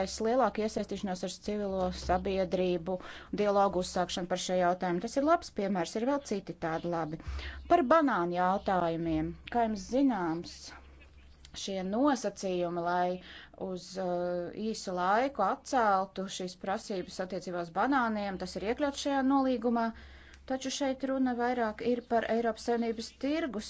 Es lielāku iesaistīšanos ar civilo sabiedrību, dialogu uzsākšanu par šo jautājumu. Tas ir labs piemērs, ir vēl citi tādi labi. Par banānu jautājumiem. Kā jums zināms, šie nosacījumi, lai uz uh, īsu laiku atceltu šīs prasības attiecībā uz banāniem, tas ir iekļauts šajā nolīgumā. Uh, Taču šeit runa vairāk ir par Eiropas Savienības tirgus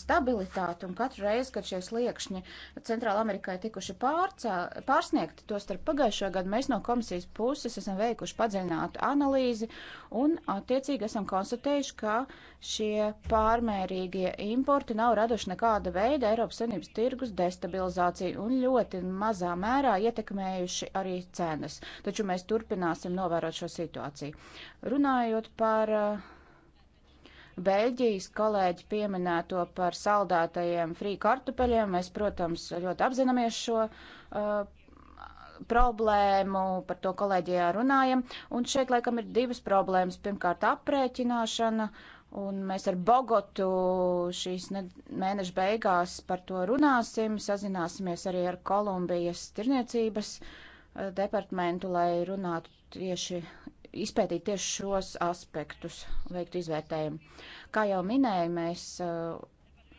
stabilitāti, un katru reizi, kad šie sliekšņi Centrāla Amerikai tikuši pārcā, pārsniegti, to starp pagājušo gadu, mēs no komisijas puses esam veikuši padziļinātu analīzi, un attiecīgi esam konstatējuši, ka šie pārmērīgie importi nav raduši nekāda veida Eiropas Savienības tirgus destabilizāciju un ļoti mazā mērā ietekmējuši arī cenas. Taču mēs turpināsim novērot šo situāciju. Runājot par uh, Beļģijas kolēģi pieminēto par saldētajiem frī kartupeļiem. Mēs, protams, ļoti apzināmies šo uh, problēmu, par to kolēģijā runājam. Un šeit, laikam, ir divas problēmas. Pirmkārt, aprēķināšana. Un mēs ar Bogotu šīs mēneša beigās par to runāsim, sazināsimies arī ar Kolumbijas tirniecības uh, departamentu, lai runātu tieši izpētīt tieši šos aspektus, veikt izvērtējumu. Kā jau minēju, mēs uh,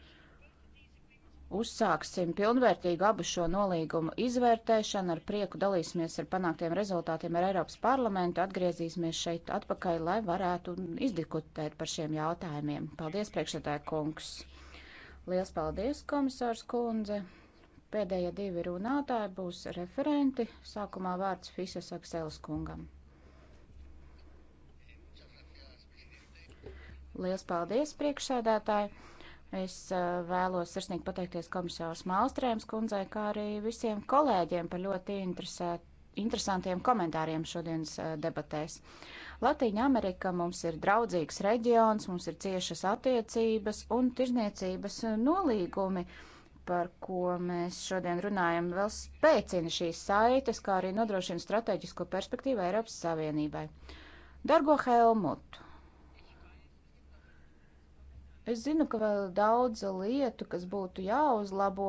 uzsāksim pilnvērtīgu abu šo nolīgumu izvērtēšanu, ar prieku dalīsimies ar panāktiem rezultātiem ar Eiropas parlamentu, atgriezīsimies šeit atpakaļ, lai varētu izdiskutēt par šiem jautājumiem. Paldies, priekšsēdētāj kungs! Liels paldies, komisārs kundze! Pēdējie divi runātāji būs referenti. Sākumā vārds Fisas Akseles kungam. Liels paldies, priekšsēdētāji! Es eh, vēlos sirsnīgi pateikties komisārs Mālstrēms kundzei, kā arī visiem kolēģiem par ļoti interesantiem komentāriem šodienas eh, debatēs. Latīņa Amerika mums ir draudzīgs reģions, mums ir ciešas attiecības un tirzniecības eh, nolīgumi, par ko mēs šodien runājam, vēl spēcina šīs saites, kā arī nodrošina strateģisko perspektīvu Eiropas Savienībai. Dargo Helmutu! Es zinu, ka vēl ir daudz lietu, kas būtu jāuzlabo,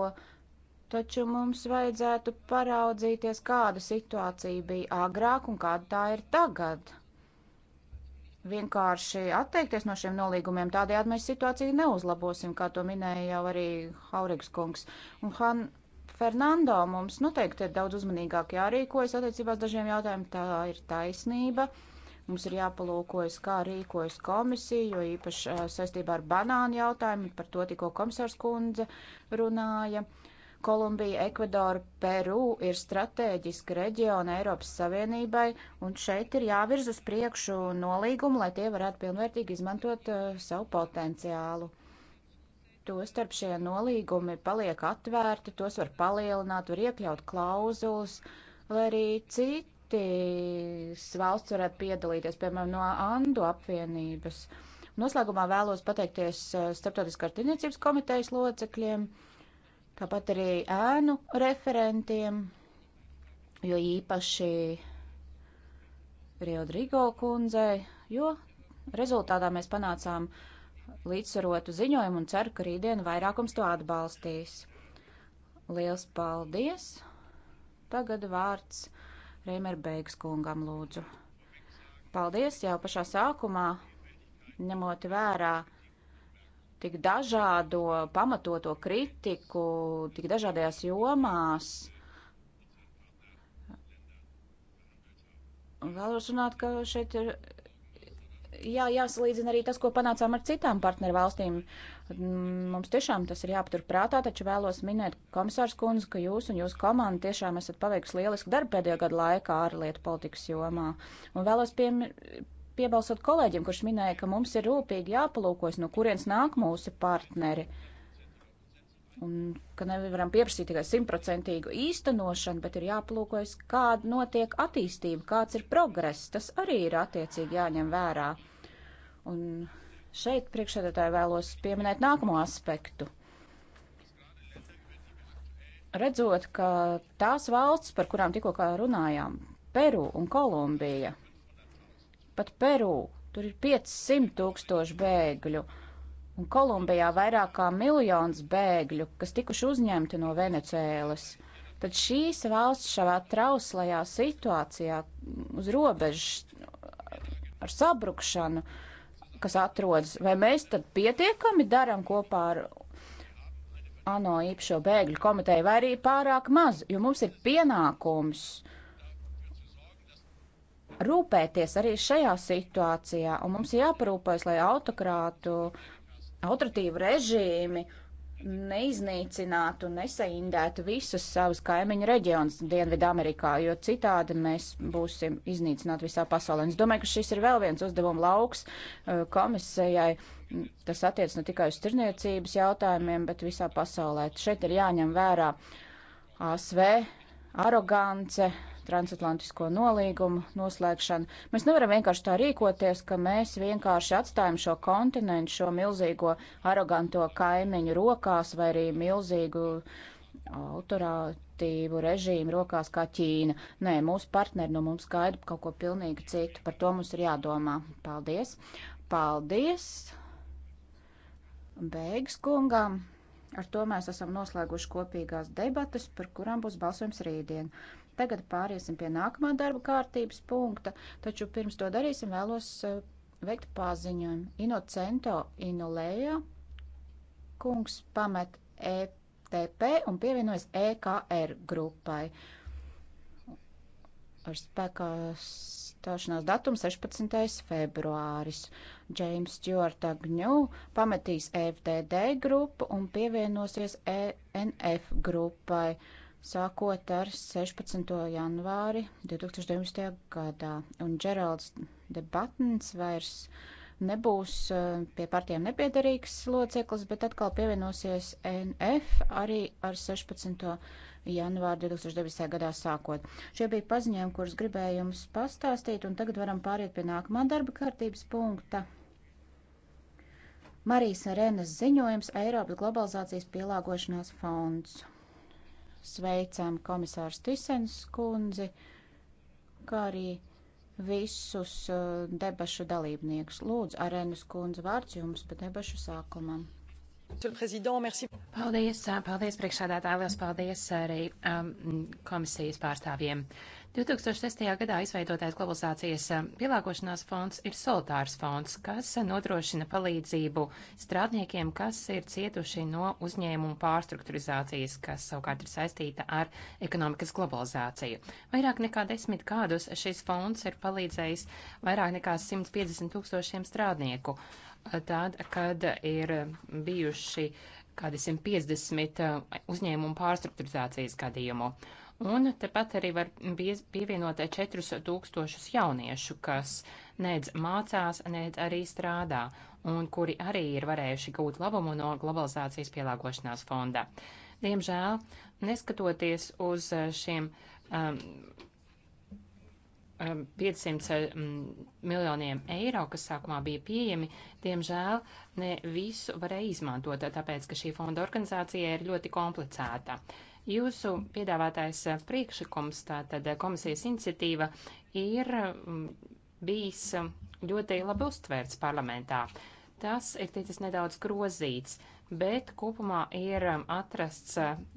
taču mums vajadzētu paraudzīties, kāda situācija bija agrāk un kāda tā ir tagad. Vienkārši atteikties no šiem nolīgumiem, tādējādi mēs situāciju neuzlabosim, kā to minēja jau arī Haurigs kungs. Un Han Fernando mums noteikti ir daudz uzmanīgāk jārīkojas attiecībās dažiem jautājumiem, tā ir taisnība. Uh, Mums ir jāpalūkojas, kā rīkojas komisija, jo īpaši saistībā ar banānu jautājumu, par to tikko komisārs kundze runāja. Kolumbija, Ekvadora, Peru ir strateģiski reģioni Eiropas Savienībai, un šeit ir jāvirz uz priekšu nolīgumu, lai tie varētu pilnvērtīgi izmantot uh, savu potenciālu. Tostarp šie nolīgumi paliek atvērti, tos var palielināt, var iekļaut klauzulas, lai arī citi citas valsts varētu piedalīties, piemēram, no Andu apvienības. Noslēgumā vēlos pateikties eh, Starptautiskās tirdzniecības komitejas locekļiem, tāpat arī ēnu referentiem, jo īpaši Riodrigo kundzei, jo rezultātā mēs panācām līdzsvarotu ziņojumu un ceru, ka rītdien vairākums to atbalstīs. Liels paldies! Tagad vārds Reimer Beigs kungam lūdzu. Paldies jau pašā sākumā, ņemot vērā tik dažādo pamatoto kritiku, tik dažādajās jomās. Vēlos runāt, ka šeit ir jā, jāsalīdzina arī tas, ko panācām ar citām partneru valstīm. Mums tiešām tas ir jāpatur prātā, taču vēlos minēt, komisārs kundze, ka jūs un jūsu komanda tiešām esat paveikusi lielisku darbu pēdējo gadu laikā ārlietu politikas jomā. Un vēlos pieminēt piebalsot kolēģim, kurš minēja, ka mums ir rūpīgi jāpalūkojas, no kurienes nāk mūsu partneri. Uh, un ka nevaram pieprasīt tikai simtprocentīgu īstenošanu, bet ir jāplūkojas, kāda notiek attīstība, kāds ir progress. Tas arī ir attiecīgi jāņem vērā. Un šeit priekšsēdētāji vēlos pieminēt nākamo aspektu. Redzot, ka tās valsts, par kurām tikko runājām, Peru un Kolumbija, pat Peru, tur ir 500 tūkstoši bēgļu. Uh, un Kolumbijā vairāk kā miljons bēgļu, kas tikuši uzņemti no Venecēlas, tad šīs valsts šajā trauslajā situācijā uz robežas ar sabrukšanu, kas atrodas, vai mēs tad pietiekami daram kopā ar ANO īpašo bēgļu komiteju, vai arī pārāk maz, jo mums ir pienākums rūpēties arī šajā situācijā, un mums jāparūpēs, lai autokrātu autoritīvi režīmi neiznīcinātu, nesaindētu visus savus kaimiņu reģionus Dienvidamerikā, jo citādi mēs būsim iznīcināti visā pasaulē. Un es domāju, ka šis ir vēl viens uzdevuma lauks uh, komisijai. Tas attiec ne tikai uz tirniecības jautājumiem, bet visā pasaulē. Šeit ir jāņem vērā ASV arogance, transatlantisko nolīgumu noslēgšanu. Mēs nevaram vienkārši tā rīkoties, ka mēs vienkārši atstājam šo kontinentu, šo milzīgo aroganto kaimiņu rokās vai arī milzīgu autorātību režīmu rokās kā Ķīna. Nē, mūsu partneri no mums gaida kaut ko pilnīgi citu. Par to mums ir jādomā. Paldies! Paldies! Beigas kungam! Ar to mēs esam noslēguši kopīgās debatas, par kurām būs balsojums rītdien. Tagad pāriesim pie nākamā darba kārtības punkta, taču pirms to darīsim vēlos eh, veikt paziņojumu. Inocento Inulēja kungs pamet ETP un pievienojas EKR grupai. Ar spēkā stāšanās datums 16. februāris. Džeims Stjorta Gņū pametīs e FDD grupu un pievienosies ENF grupai. Uh, sākot ar 16. janvāri 2019. gadā, un Džeralds Debatns vairs nebūs eh, pie partijām nepiedarīgs loceklis, bet atkal pievienosies NF arī ar 16. janvāru 2009. gadā sākot. Šie bija paziņojumi, kurus gribēju jums pastāstīt, un tagad varam pāriet pie nākamā darba kārtības punkta. Marijas Renes ziņojums Eiropas globalizācijas pielāgošanās fonds. Sveicam komisārs Tisens kundzi, kā arī visus uh, debašu dalībniekus. Lūdzu, arēnas kundze vārds jums pa debašu sākumam. Paldies, uh, paldies priekšādātāji, liels paldies arī um, komisijas pārstāvjiem. Uh, 2006. gadā izveidotais globalizācijas eh, pielāgošanās fonds ir solidārs fonds, kas eh, nodrošina palīdzību strādniekiem, kas ir cietuši no uzņēmumu pārstrukturizācijas, kas savukārt ir saistīta ar ekonomikas globalizāciju. Vairāk nekā desmit gadus šis fonds ir palīdzējis vairāk nekā 150 tūkstošiem strādnieku, eh, tad, kad ir bijuši kādi 150 uzņēmumu pārstrukturizācijas gadījumu. Un tepat arī var pievienot 4000 jauniešu, kas nedz mācās, nedz arī strādā, un kuri arī ir varējuši gūt labumu no globalizācijas pielāgošanās fonda. Diemžēl, neskatoties uz šiem um, 500 um, mm, miljoniem eiro, kas sākumā bija pieejami, diemžēl ne visu varēja izmantot, tāpēc, ka šī fonda organizācija ir ļoti komplicēta. Uh, Jūsu piedāvātais eh, priekšlikums, tātad eh, komisijas iniciatīva, ir mm, bijis eh, ļoti labi uztvērts parlamentā. Tas ir ticis nedaudz grozīts, bet kopumā ir atrasts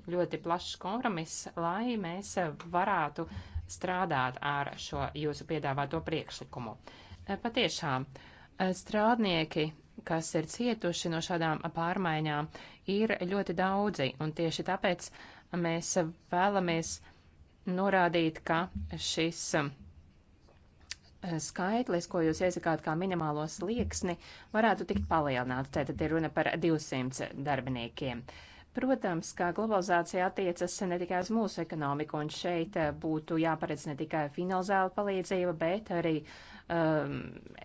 ļoti plašs kompromiss, lai mēs varētu strādāt ar šo jūsu piedāvāto priekšlikumu. Patiešām strādnieki, kas ir cietuši no šādām pārmaiņām, ir ļoti daudzi, un tieši tāpēc Mēs vēlamies norādīt, ka šis um, skaitlis, ko jūs iesakāt kā minimālo slieksni, varētu tikt palielināts. Tātad ir runa par 200 darbiniekiem. Protams, ka globalizācija attiecas ne tikai uz mūsu ekonomiku, un šeit uh, būtu jāparedz ne tikai finansiāla palīdzība, bet arī um,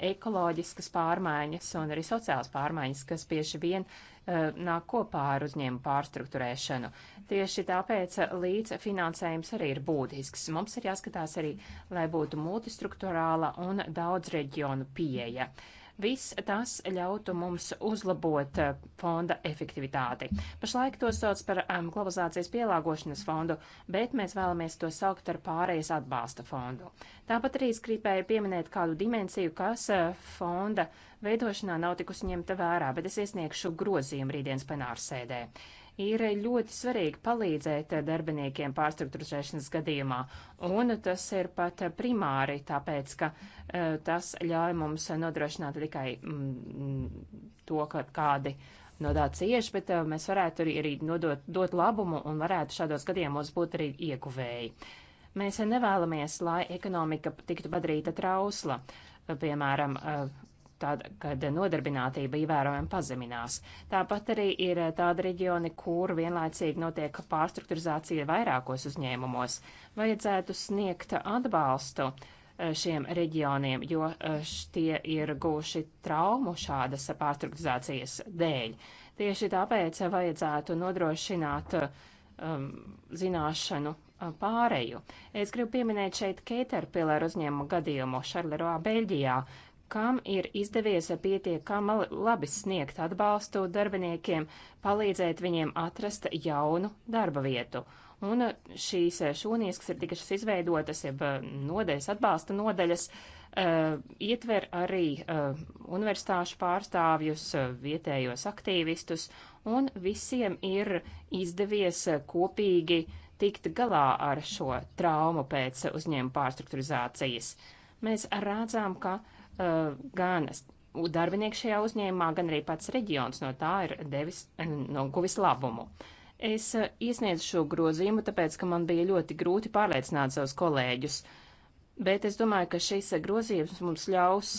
ekoloģiskas pārmaiņas un arī sociālas pārmaiņas, kas bieži vien uh, nāk kopā ar uzņēmumu pārstruktūrēšanu. Tieši tāpēc uh, līdz finansējums arī ir būtisks. Mums ir jāskatās arī, lai būtu multistrukturāla un daudz reģionu pieeja. Uh, Viss tas ļautu mums uzlabot eh, fonda efektivitāti. Pašlaik to sauc par um, globalizācijas pielāgošanas fondu, bet mēs vēlamies to saukt ar pārējais atbalsta fondu. Tāpat arī es gribēju pieminēt kādu dimensiju, kas uh, fonda veidošanā nav tikusi ņemta vērā, bet es iesniegšu grozījumu rītdienas plenārsēdē. sēdē ir ļoti svarīgi palīdzēt darbiniekiem pārstruktūrizēšanas gadījumā, un tas ir pat primāri, tāpēc, ka e, tas ļauj mums nodrošināt tikai mm, to, ka kādi no tā cieši, bet e, mēs varētu arī, arī nodot, dot labumu un varētu šādos gadījumos būt arī ieguvēji. Mēs nevēlamies, lai ekonomika tiktu padarīta trausla piemēram, e, tad, kad nodarbinātība ievērojami pazeminās. Tāpat arī ir eh, tādi reģioni, kur vienlaicīgi notiek pārstrukturizācija vairākos uzņēmumos. Vajadzētu sniegt atbalstu eh, šiem reģioniem, jo eh, tie ir guvuši traumu šādas pārstrukturizācijas dēļ. Tieši tāpēc vajadzētu nodrošināt um, zināšanu pāreju. Es gribu pieminēt šeit Caterpillar uzņēmumu gadījumu Šarlerā, Beļģijā, kam ir izdevies pietiekami labi sniegt atbalstu darbiniekiem, palīdzēt viņiem atrast jaunu darba vietu. Un šīs šūnijas, kas ir tikušas izveidotas, jeb eh, nodeļas atbalsta nodeļas, eh, ietver arī eh, universitāšu pārstāvjus, vietējos aktīvistus, un visiem ir izdevies kopīgi tikt galā ar šo traumu pēc uzņēmu pārstrukturizācijas. Uh, Mēs rādzām, ka uh, gan darbinieki šajā uzņēmumā, gan arī pats reģions no tā ir devis, eh, no nu, guvis labumu. Es uh, iesniedzu šo grozījumu, tāpēc, ka man bija ļoti grūti pārliecināt savus kolēģus, bet es domāju, ka šis grozījums mums ļaus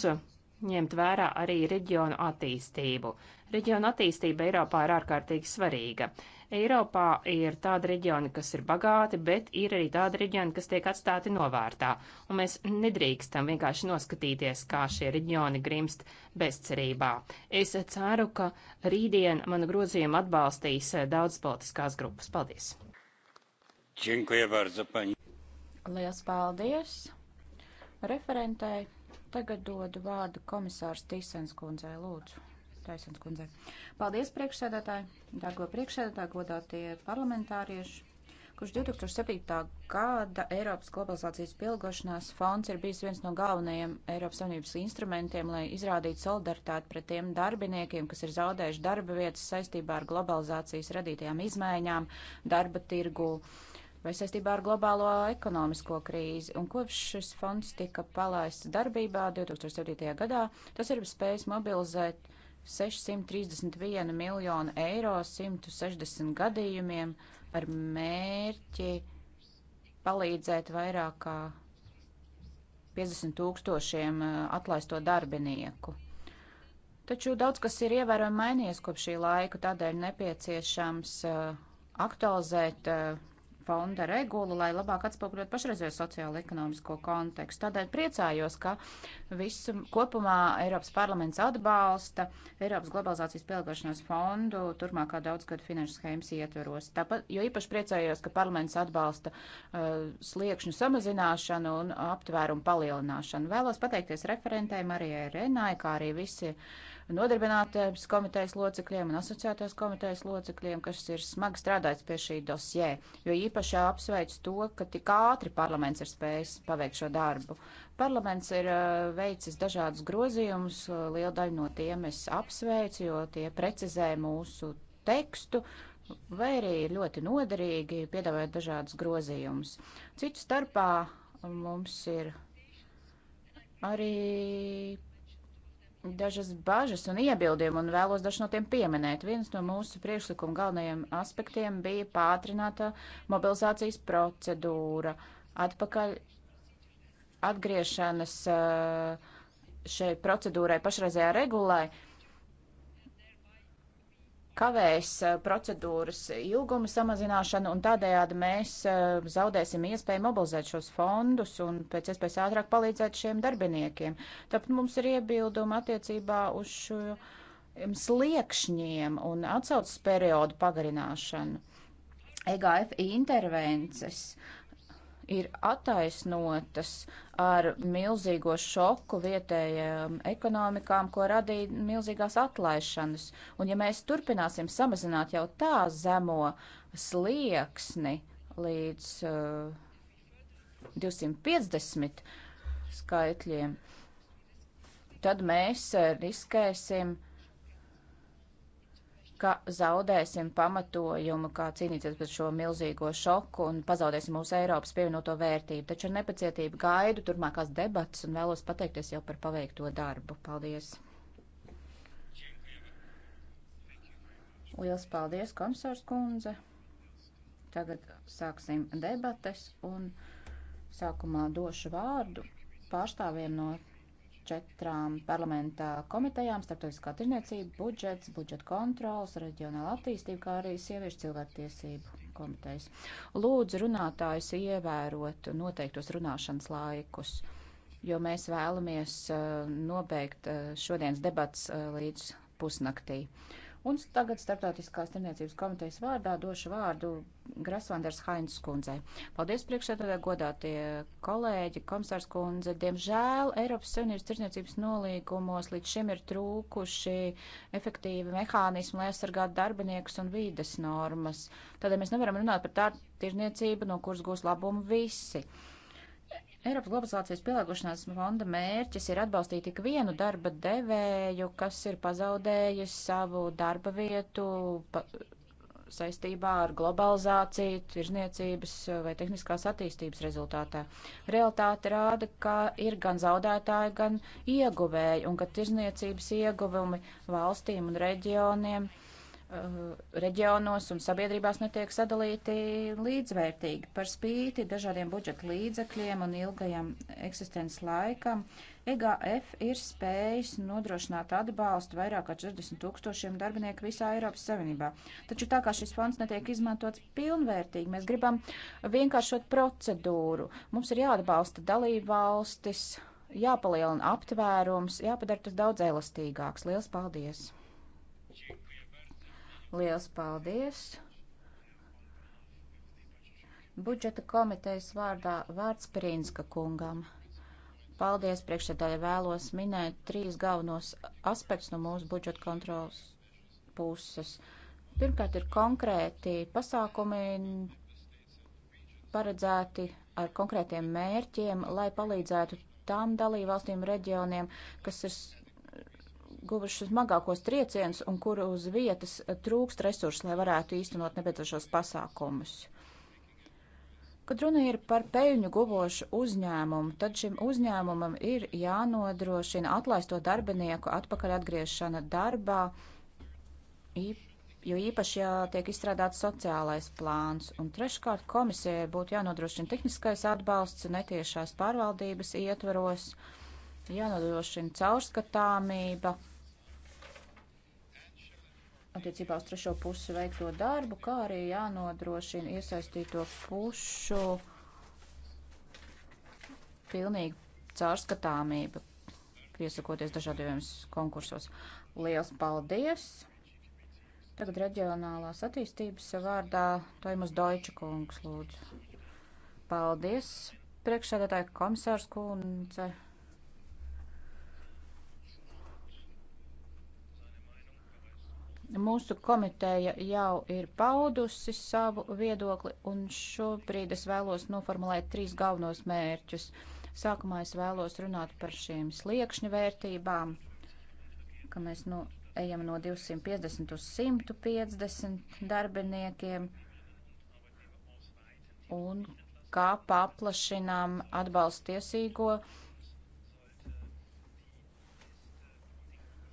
ņemt vērā arī reģionu attīstību. Reģionu attīstība Eiropā ir ārkārtīgi svarīga. Uh, Eiropā ir tāda reģiona, kas ir bagāti, bet ir arī tāda reģiona, kas tiek atstāti novārtā, un mēs nedrīkstam vienkārši noskatīties, kā šie reģioni grimst bezcerībā. Es ceru, ka rītdien manu grozījumu atbalstīs daudz politiskās grupas. Paldies! Lielas paldies! Referentei tagad dodu vārdu komisārs Tīsens kundzei lūdzu. Taisens kundzei. Paldies priekšsēdētāji, dārgo priekšsēdētāji, godātie parlamentārieši, kurš 2007. gada Eiropas globalizācijas pilgošanās fonds ir bijis viens no galvenajiem Eiropas Savienības instrumentiem, lai izrādītu solidaritāti pret tiem darbiniekiem, kas ir zaudējuši darba vietas saistībā ar globalizācijas radītajām izmaiņām, darba tirgu vai saistībā ar globālo ekonomisko krīzi. Un kopš šis fonds tika palaists darbībā 2007. gadā, tas ir spējis mobilizēt 631 miljonu eiro 160 gadījumiem ar mērķi palīdzēt vairāk kā 50 tūkstošiem eh, atlaisto darbinieku. Taču daudz kas ir ievērojami mainījies kopš šī laika, tādēļ nepieciešams eh, aktualizēt eh, fonda regulu, lai labāk atspoguļot pašreizējo sociālo-ekonomisko kontekstu. Tādēļ priecājos, ka visu kopumā Eiropas parlaments atbalsta Eiropas globalizācijas pielāgošanās fondu turmākā daudzgadu finanšu schēmas ietveros. Tāpat, jo īpaši priecājos, ka parlaments atbalsta uh, sliekšņu samazināšanu un aptvērumu palielināšanu. Vēlos pateikties referentēm Marijai Renai, kā arī visi nodarbinātības komitejas locekļiem un asociētās komitejas locekļiem, kas ir smagi strādājis pie šī dosjē, jo īpaši apsveic to, ka tik ātri parlaments ir spējis paveikt šo darbu. Parlaments ir uh, veicis dažādus grozījumus, uh, liela daļa no tiem es apsveicu, jo tie precizē mūsu tekstu vai arī ir ļoti noderīgi piedāvājot dažādus grozījumus. Citu starpā mums ir arī dažas bažas un iebildumi, un vēlos dažs no tiem pieminēt. Viens no mūsu priekšlikuma galvenajiem aspektiem bija pātrināta mobilizācijas procedūra, atpakaļ atgriešanas eh, šai procedūrai pašreizējā regulai kavēs eh, procedūras ilguma samazināšanu, un tādējādi mēs eh, zaudēsim iespēju mobilizēt šos fondus un pēc iespējas ātrāk palīdzēt šiem darbiniekiem. Tāpēc mums ir iebildumi attiecībā uz šo sliekšņiem un atsaucas periodu pagarināšanu. EGF intervences. Uh, ir attaisnotas ar milzīgo šoku vietējām ekonomikām, ko radīja milzīgās atlaišanas. Un ja mēs turpināsim samazināt jau tā zemo slieksni līdz uh, 250 skaitļiem, tad mēs uh, riskēsim uh, ka zaudēsim pamatojumu, kā cīnīties pret šo milzīgo šoku un pazaudēsim mūsu Eiropas pievienoto vērtību. Taču ar nepacietību gaidu turmākās debatas un vēlos pateikties jau par paveikto darbu. Paldies! Liels paldies, komisārs kundze! Tagad sāksim debates un sākumā došu vārdu pārstāvjiem no četrām parlamentā komitejām - starptautiskā tirniecība, budžets, budžeta kontrols, reģionāla attīstība, kā arī sieviešu cilvēktiesību komitejas. Lūdzu runātājus ievērot noteiktos runāšanas laikus, jo mēs vēlamies uh, nobeigt uh, šodienas debats uh, līdz pusnaktī. Un tagad Startautiskās tirniecības komitejas vārdā došu vārdu Grasvanders Hainz kundzei. Paldies priekšsēdētāji, godātie kolēģi, komisārs kundze. Diemžēl Eiropas Savienības tirniecības nolīgumos līdz šim ir trūkuši efektīvi mehānismi, lai aizsargātu darbiniekus un vīdes normas. Tādēļ mēs nevaram runāt par tādu tirniecību, no kuras gūs labumu visi. Uh, Eiropas globalizācijas pielāgošanās fonda mērķis ir atbalstīt tik vienu darba devēju, kas ir pazaudējis savu darba vietu pa, saistībā ar globalizāciju, tirzniecības vai tehniskās attīstības rezultātā. Realtāte rāda, ka ir gan zaudētāji, gan ieguvēji, un ka tirzniecības ieguvumi valstīm un reģioniem uh, Eh, reģionos un sabiedrībās netiek sadalīti līdzvērtīgi. Par spīti dažādiem budžeta līdzekļiem un ilgajam eksistences laikam EGF ir spējis nodrošināt atbalstu vairāk kā 40 tūkstošiem darbinieku visā Eiropas Savienībā. Taču tā kā šis fonds netiek izmantots pilnvērtīgi, mēs gribam vienkāršot procedūru. Mums ir jāatbalsta dalību valstis, jāpalielina aptvērums, jāpadara tas daudz elastīgāks. Lielas paldies! Liels paldies! Budžeta komitejas vārdā vārds Prinska kungam. Paldies, priekšsēdētāji, vēlos minēt trīs galvenos aspektus no mūsu budžeta kontrolas puses. Pirmkārt, ir konkrēti pasākumi paredzēti ar konkrētiem mērķiem, lai palīdzētu tām dalībvalstīm reģioniem, kas ir guvuši smagākos triecienus un kuru uz vietas trūkst resursu, lai varētu īstenot nepieciešos pasākumus. Kad runa ir par peļņu guvošu uzņēmumu, tad šim uzņēmumam ir jānodrošina atlaisto darbinieku atpakaļ atgriešana darbā, jo īpaši jātiek izstrādāts sociālais plāns. Un treškārt komisijai būtu jānodrošina tehniskais atbalsts netiešās pārvaldības ietvaros, jānodrošina caurskatāmība attiecībā uz trešo pusi veikto darbu, kā arī jānodrošina iesaistīto pušu pilnīga caurskatāmība, piesakoties dažādiem konkursos. Liels paldies! Tagad reģionālās attīstības vārdā Toimas Deutsche kungs lūdzu. Paldies, priekšsēdētāja komisārs kundze. Mūsu komiteja jau ir paudusi savu viedokli, un šobrīd es vēlos noformulēt trīs galvenos mērķus. Sākumā es vēlos runāt par šīm sliekšņu vērtībām, ka mēs nu ejam no 250 uz 150 darbiniekiem, un kā paplašinām atbalstiesīgo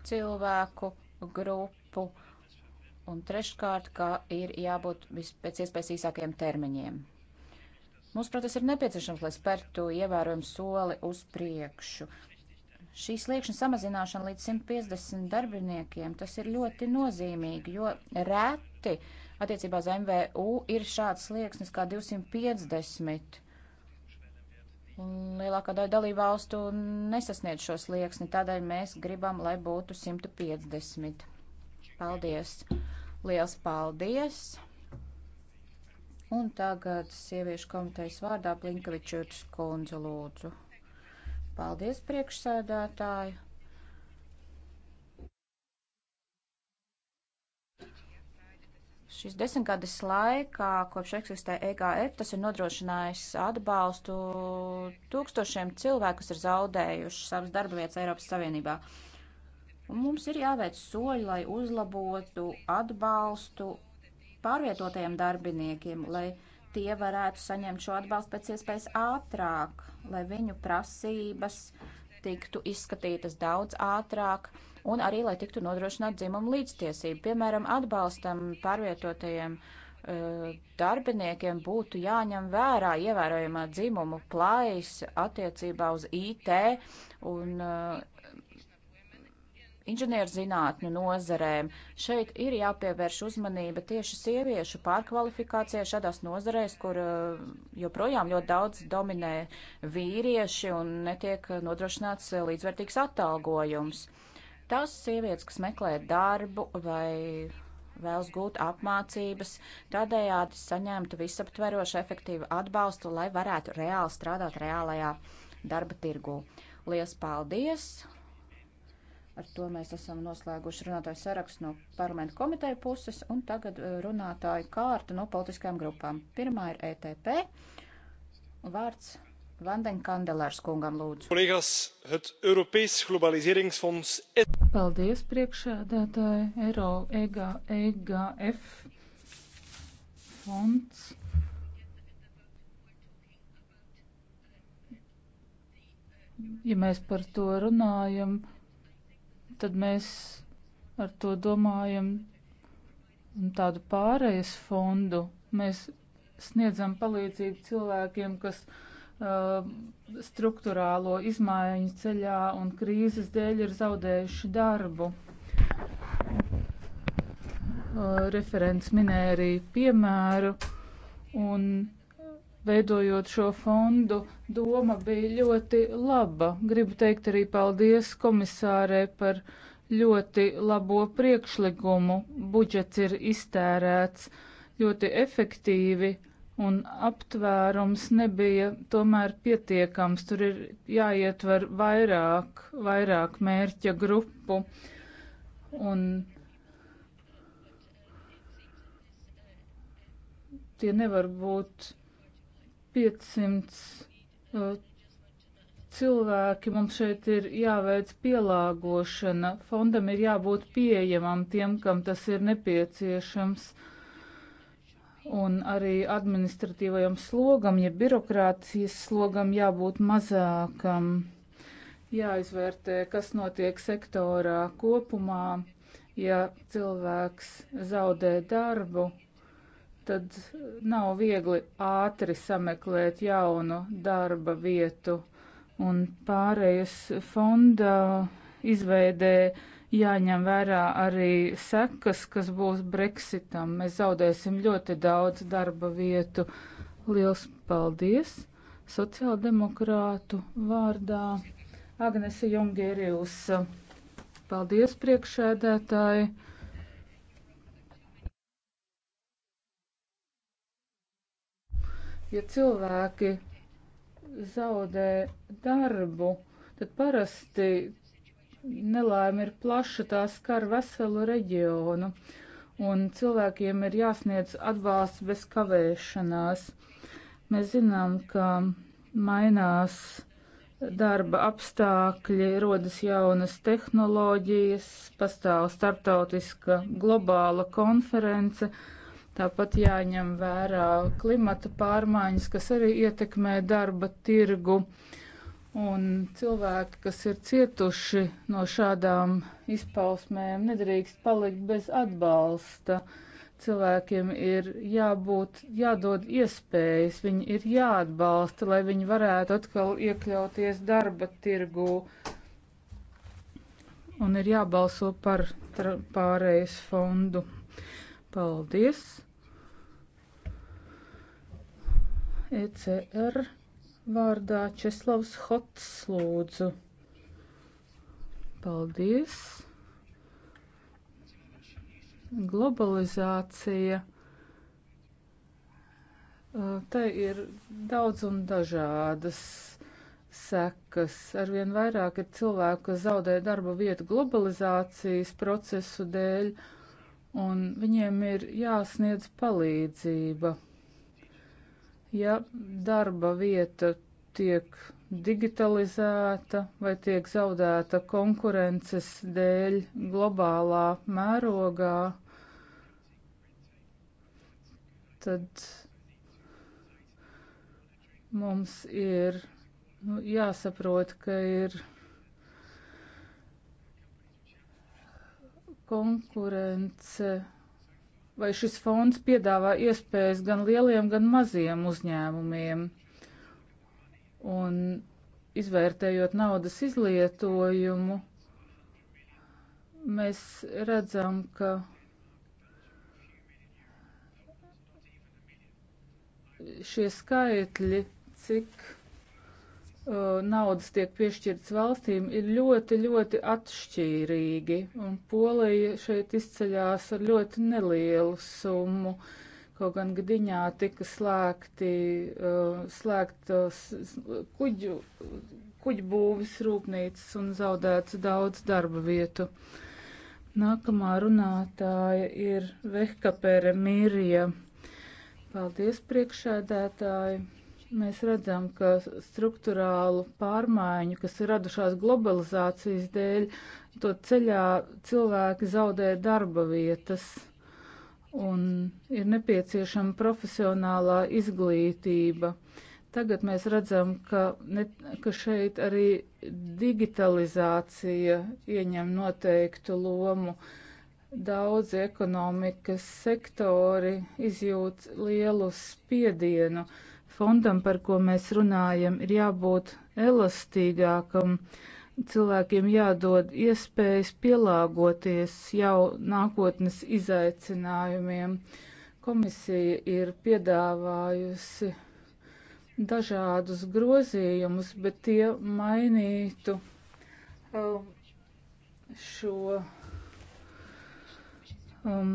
cilvēku grupu un treškārt, ka ir jābūt pēc iespējas īsākiem termiņiem. Mums, protams, ir nepieciešams, lai spērtu ievērojumu soli uz priekšu. Šī sliekšņa samazināšana līdz 150 darbiniekiem, tas ir ļoti nozīmīgi, jo reti attiecībā uz MVU ir šāds slieksnis kā 250. Lielākā daļa dalībvalstu nesasniedz šo slieksni, tādēļ mēs gribam, lai būtu 150. Paldies! Liels paldies! Un tagad sieviešu komitejas vārdā Plinkavičūtas kundze lūdzu. Paldies, priekšsēdētāji! Šis desmitgades laikā, kopš eksistē EGF, tas ir nodrošinājis atbalstu tūkstošiem cilvēku, kas ir zaudējuši savas darba vietas Eiropas Savienībā. Uh, Un mums ir jāveic soļi, lai uzlabotu atbalstu pārvietotajiem darbiniekiem, lai tie varētu saņemt šo atbalstu pēc iespējas ātrāk, lai viņu prasības tiktu izskatītas daudz ātrāk un arī, lai tiktu nodrošināt dzimumu līdztiesību. Piemēram, atbalstam pārvietotajiem uh, darbiniekiem būtu jāņem vērā ievērojamā dzimumu plājas attiecībā uz IT un uh, inženierzinātņu nozarēm. Šeit ir jāpievērš uzmanība tieši sieviešu pārkvalifikācijai šādās nozarēs, kur eh, joprojām ļoti daudz dominē vīrieši un netiek nodrošināts līdzvērtīgs atalgojums. Tās sievietes, kas meklē darbu vai vēlas gūt apmācības, tādējādi saņemtu visaptverošu efektīvu atbalstu, lai varētu reāli strādāt reālajā darba tirgū. Lielas paldies! Ar to mēs esam noslēguši runātāju sarakstu no parlamentu komiteju puses, un tagad e, runātāju kārtu no politiskajām grupām. Pirmā ir ETP. Vārds Vanden Kandelārs kungam lūdzu. Kolēgas, het Europees globaliseringsfonds. E Paldies priekšādātāji. Eiro EGA, EGF fonds. Ja mēs par to runājam, tad mēs ar to domājam tādu pārējas fondu. Mēs sniedzam palīdzību cilvēkiem, kas uh, struktūrālo izmaiņu ceļā un krīzes dēļ ir zaudējuši darbu. Uh, referents minēja arī piemēru, un veidojot šo fondu, doma bija ļoti laba. Gribu teikt arī paldies komisārē par ļoti labo priekšlikumu. Budžets ir iztērēts ļoti efektīvi un aptvērums nebija tomēr pietiekams. Tur ir jāietver vairāk, vairāk mērķa grupu. Un tie nevar būt 500 uh, cilvēki mums šeit ir jāveic pielāgošana. Fondam ir jābūt pieejamam tiem, kam tas ir nepieciešams. Un arī administratīvajam slogam, ja birokrātijas slogam jābūt mazākam. Jāizvērtē, kas notiek sektorā kopumā, ja cilvēks zaudē darbu tad nav viegli ātri sameklēt jaunu darba vietu. Un pārējais fonda izveidē jāņem vērā arī sekas, kas būs Brexitam. Mēs zaudēsim ļoti daudz darba vietu. Liels paldies sociāldemokrātu vārdā Agnese Jungeriusa. Paldies priekšēdētāji! Ja cilvēki zaudē darbu, tad parasti nelēma ir plaša, tā skar veselu reģionu, un cilvēkiem ir jāsniedz atbalsts bez kavēšanās. Mēs zinām, ka mainās darba apstākļi, rodas jaunas tehnoloģijas, pastāv starptautiska globāla konference, Tāpat jāņem vērā klimata pārmaiņas, kas arī ietekmē darba tirgu. Un cilvēki, kas ir cietuši no šādām izpausmēm, nedrīkst palikt bez atbalsta. Cilvēkiem ir jābūt, jādod iespējas, viņi ir jāatbalsta, lai viņi varētu atkal iekļauties darba tirgū. Un ir jābalso par pārējais fondu. Paldies! ECR vārdā Česlavs Hots lūdzu. Paldies! Globalizācija. E, tai ir daudz un dažādas sekas. Arvien vairāk ir cilvēku, kas zaudē darba vietu globalizācijas procesu dēļ, un viņiem ir jāsniedz palīdzība Ja darba vieta tiek digitalizēta vai tiek zaudēta konkurences dēļ globālā mērogā, tad mums ir nu, jāsaprot, ka ir konkurence vai šis fonds piedāvā iespējas gan lieliem, gan maziem uzņēmumiem. Un izvērtējot naudas izlietojumu, mēs redzam, ka šie skaitļi, cik Uh, naudas tiek piešķirts valstīm, ir ļoti, ļoti atšķirīgi. Un Polija šeit izceļās ar ļoti nelielu summu. Kaut gan Gdiņā tika slēgti, uh, slēgtas kuģu, kuģu būvis rūpnīcas un zaudēts daudz darba vietu. Nākamā runātāja ir Vehkapere Mīrija. Paldies priekšēdētāji! Mēs redzam, ka struktūrālu pārmaiņu, kas ir radušās globalizācijas dēļ, to ceļā cilvēki zaudē darba vietas un ir nepieciešama profesionālā izglītība. Tagad mēs redzam, ka, ne, ka šeit arī digitalizācija ieņem noteiktu lomu. Daudzi ekonomikas sektori izjūt lielu spiedienu fondam, par ko mēs runājam, ir jābūt elastīgākam. Cilvēkiem jādod iespējas pielāgoties jau nākotnes izaicinājumiem. Komisija ir piedāvājusi dažādus grozījumus, bet tie mainītu um, šo um,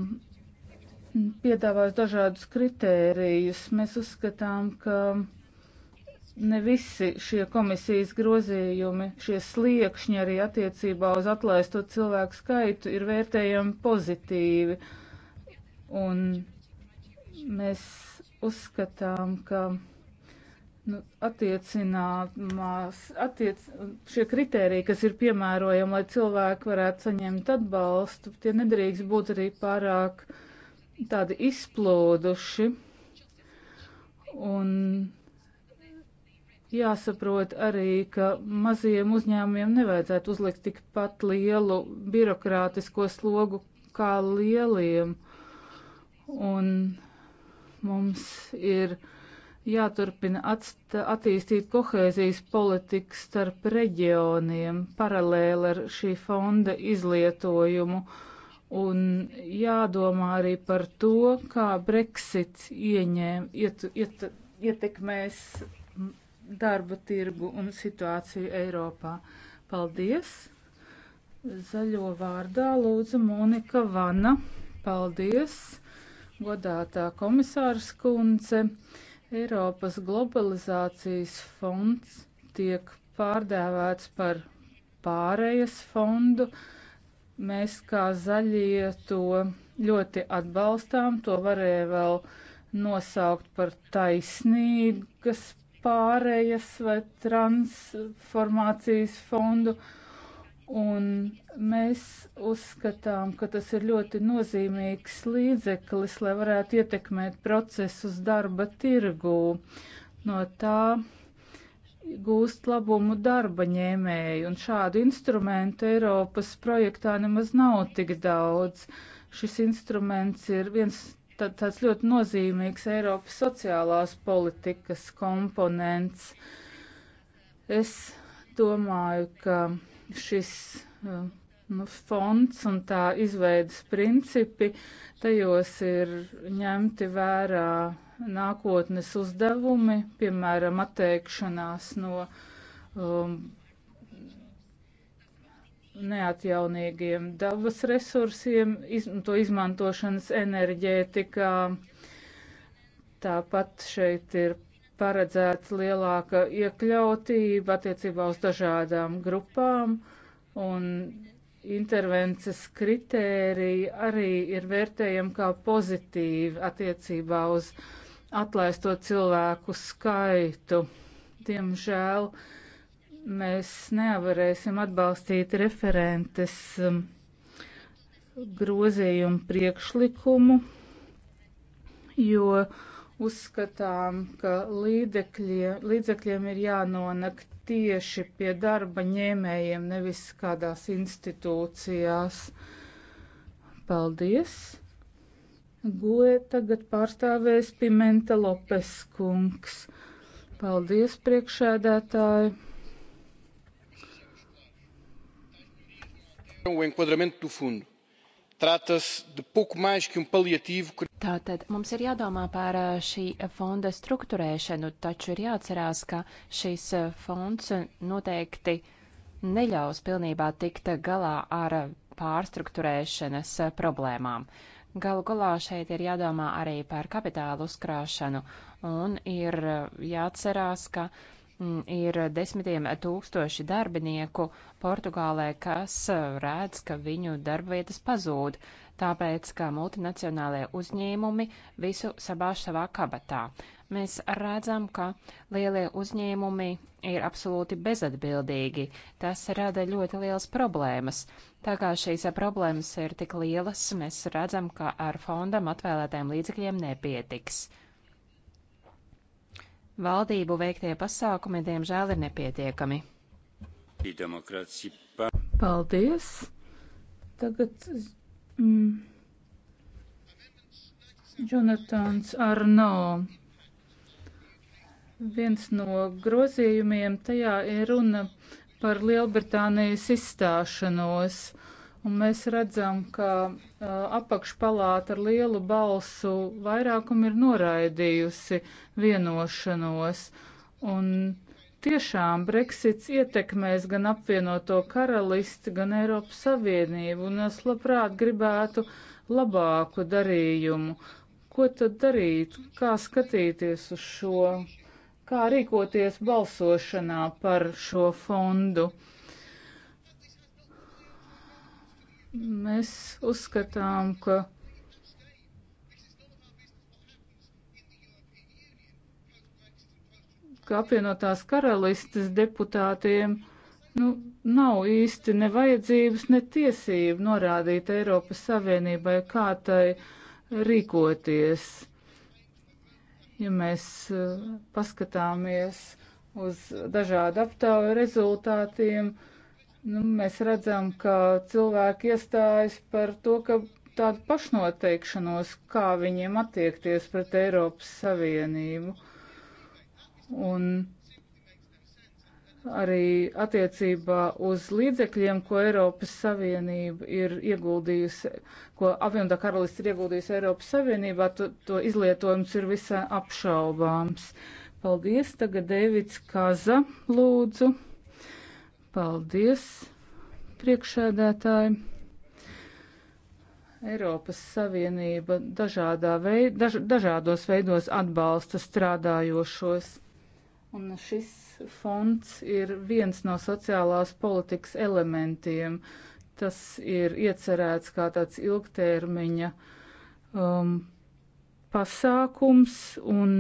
piedāvājis dažādus kritērijus. Mēs uzskatām, ka ne visi šie komisijas grozījumi, šie sliekšņi arī attiecībā uz atlaisto cilvēku skaitu ir vērtējami pozitīvi. Un mēs uzskatām, ka nu, attiecināmās, attiec, šie kriteriji, kas ir piemērojami, lai cilvēki varētu saņemt atbalstu, tie nedrīkst būt arī pārāk uh, tādi izplūduši. Un jāsaprot arī, ka mazajiem uzņēmumiem nevajadzētu uzlikt tik pat lielu birokrātisko slogu kā lieliem. Un mums ir jāturpina attīstīt kohēzijas politiku starp reģioniem paralēli ar šī fonda izlietojumu. Uh, un jādomā arī par to, kā Brexit ieņēm, iet, iet, ietekmēs darba tirgu un situāciju Eiropā. Paldies! Zaļo vārdā lūdzu Monika Vana. Paldies, godātā komisārs kundze. Eiropas globalizācijas fonds tiek pārdēvēts par pārējas fondu. Uh, Mēs kā zaļie to ļoti atbalstām, to varēja vēl nosaukt par taisnīgas pārējas vai transformācijas fondu. Un mēs uzskatām, ka tas ir ļoti nozīmīgs līdzeklis, lai varētu ietekmēt procesus darba tirgū. No tā gūst labumu darba ņēmēji, un šādu instrumentu Eiropas projektā nemaz nav tik daudz. Šis instruments ir viens tā, tāds ļoti nozīmīgs Eiropas sociālās politikas komponents. Es domāju, ka šis uh, nu, fonds un tā izveidas principi, tajos ir ņemti vērā nākotnes uzdevumi, piemēram, atteikšanās no um, neatjaunīgiem dabas resursiem, iz, to izmantošanas enerģētikā. Tāpat šeit ir paredzēts lielāka iekļautība attiecībā uz dažādām grupām un intervences kritēriji arī ir vērtējami kā pozitīvi attiecībā uz atlaisto cilvēku skaitu. Diemžēl mēs nevarēsim atbalstīt referentes um, grozījumu priekšlikumu, jo uzskatām, ka līdzekļiem ir jānonāk tieši pie darba ņēmējiem, nevis kādās institūcijās. Paldies! Goe tagad pārstāvēs Pimenta Lopes kungs. Paldies, priekšēdētāji! O um enquadramento do fundo trata-se de pouco mais que um paliativo. Tātad mums ir jādomā par uh, šī fonda struktūrēšanu, taču ir jāatcerās, ka šis uh, fonds noteikti neļaus pilnībā tikt galā ar uh, pārstruktūrēšanas problēmām. Galu galā šeit ir jādomā arī par kapitālu uzkrāšanu un ir jāatcerās, ka Mm, ir desmitiem tūkstoši darbinieku Portugālē, kas uh, redz, ka viņu darbvietas pazūd, tāpēc, ka multinacionālajie uzņēmumi visu sabāž savā kabatā. Mēs redzam, ka lielie uzņēmumi ir absolūti bezatbildīgi. Tas rada ļoti lielas problēmas. Tā kā šīs problēmas ir tik lielas, mēs redzam, ka ar fondam atvēlētajiem līdzekļiem nepietiks. Valdību veiktie pasākumi, diemžēl, ir nepietiekami. Paldies! Tagad mm, Jonatans Arno. Viens no grozījumiem tajā ir runa par Lielbritānijas izstāšanos. Uh, Un mēs redzam, ka uh, apakšpalāta ar lielu balsu vairākumu ir noraidījusi vienošanos. Un tiešām Brexits ietekmēs gan apvienoto karalisti, gan Eiropas Savienību, un es labprāt gribētu labāku darījumu. Ko tad darīt? Kā skatīties uz šo? Kā rīkoties balsošanā par šo fondu? Mēs uzskatām, ka ka apvienotās karalistes deputātiem nu, nav īsti ne vajadzības, ne tiesību norādīt Eiropas Savienībai, kā tai rīkoties. Ja mēs eh, paskatāmies uz dažādu aptauju rezultātiem, uh, nu, mēs redzam, ka cilvēki iestājas par to, ka tādu pašnoteikšanos, kā viņiem attiekties pret Eiropas Savienību. Un arī attiecībā uz līdzekļiem, ko Eiropas Savienība ir ieguldījusi, ko Avionda karalists ir ieguldījusi Eiropas Savienībā, to, to izlietojums ir visai apšaubāms. Paldies, tagad Dēvids Kaza, lūdzu. Paldies, priekšēdētāji. Eiropas Savienība dažādā veid, daž, dažādos veidos atbalsta strādājošos. Un šis fonds ir viens no sociālās politikas elementiem. Tas ir iecerēts kā tāds ilgtermiņa um, pasākums, un,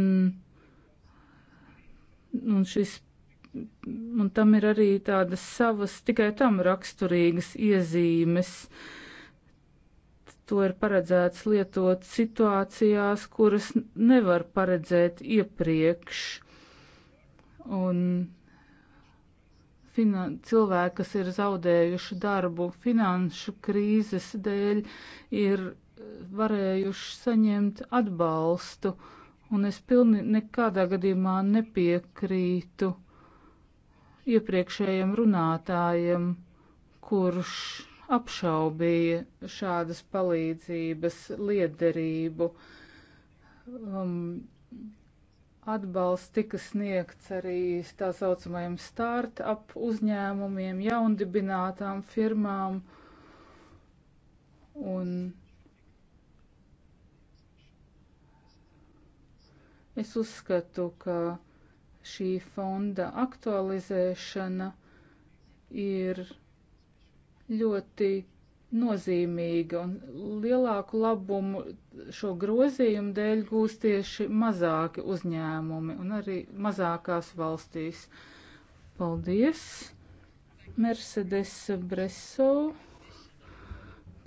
un šis un tam ir arī tādas savas tikai tam raksturīgas iezīmes. To ir paredzēts lietot situācijās, kuras nevar paredzēt iepriekš. Un finan cilvēki, kas ir zaudējuši darbu finanšu krīzes dēļ, ir varējuši saņemt atbalstu, un es pilni nekādā gadījumā nepiekrītu uh, iepriekšējiem runātājiem, kurš apšaubīja šādas palīdzības liederību. Um, atbalsts tika sniegts arī tā saucamajiem start-up uzņēmumiem, jaundibinātām firmām. Un es uzskatu, ka šī fonda aktualizēšana ir ļoti nozīmīga un lielāku labumu šo grozījumu dēļ gūs tieši mazāki uzņēmumi un arī mazākās valstīs. Paldies, Mercedes Breso.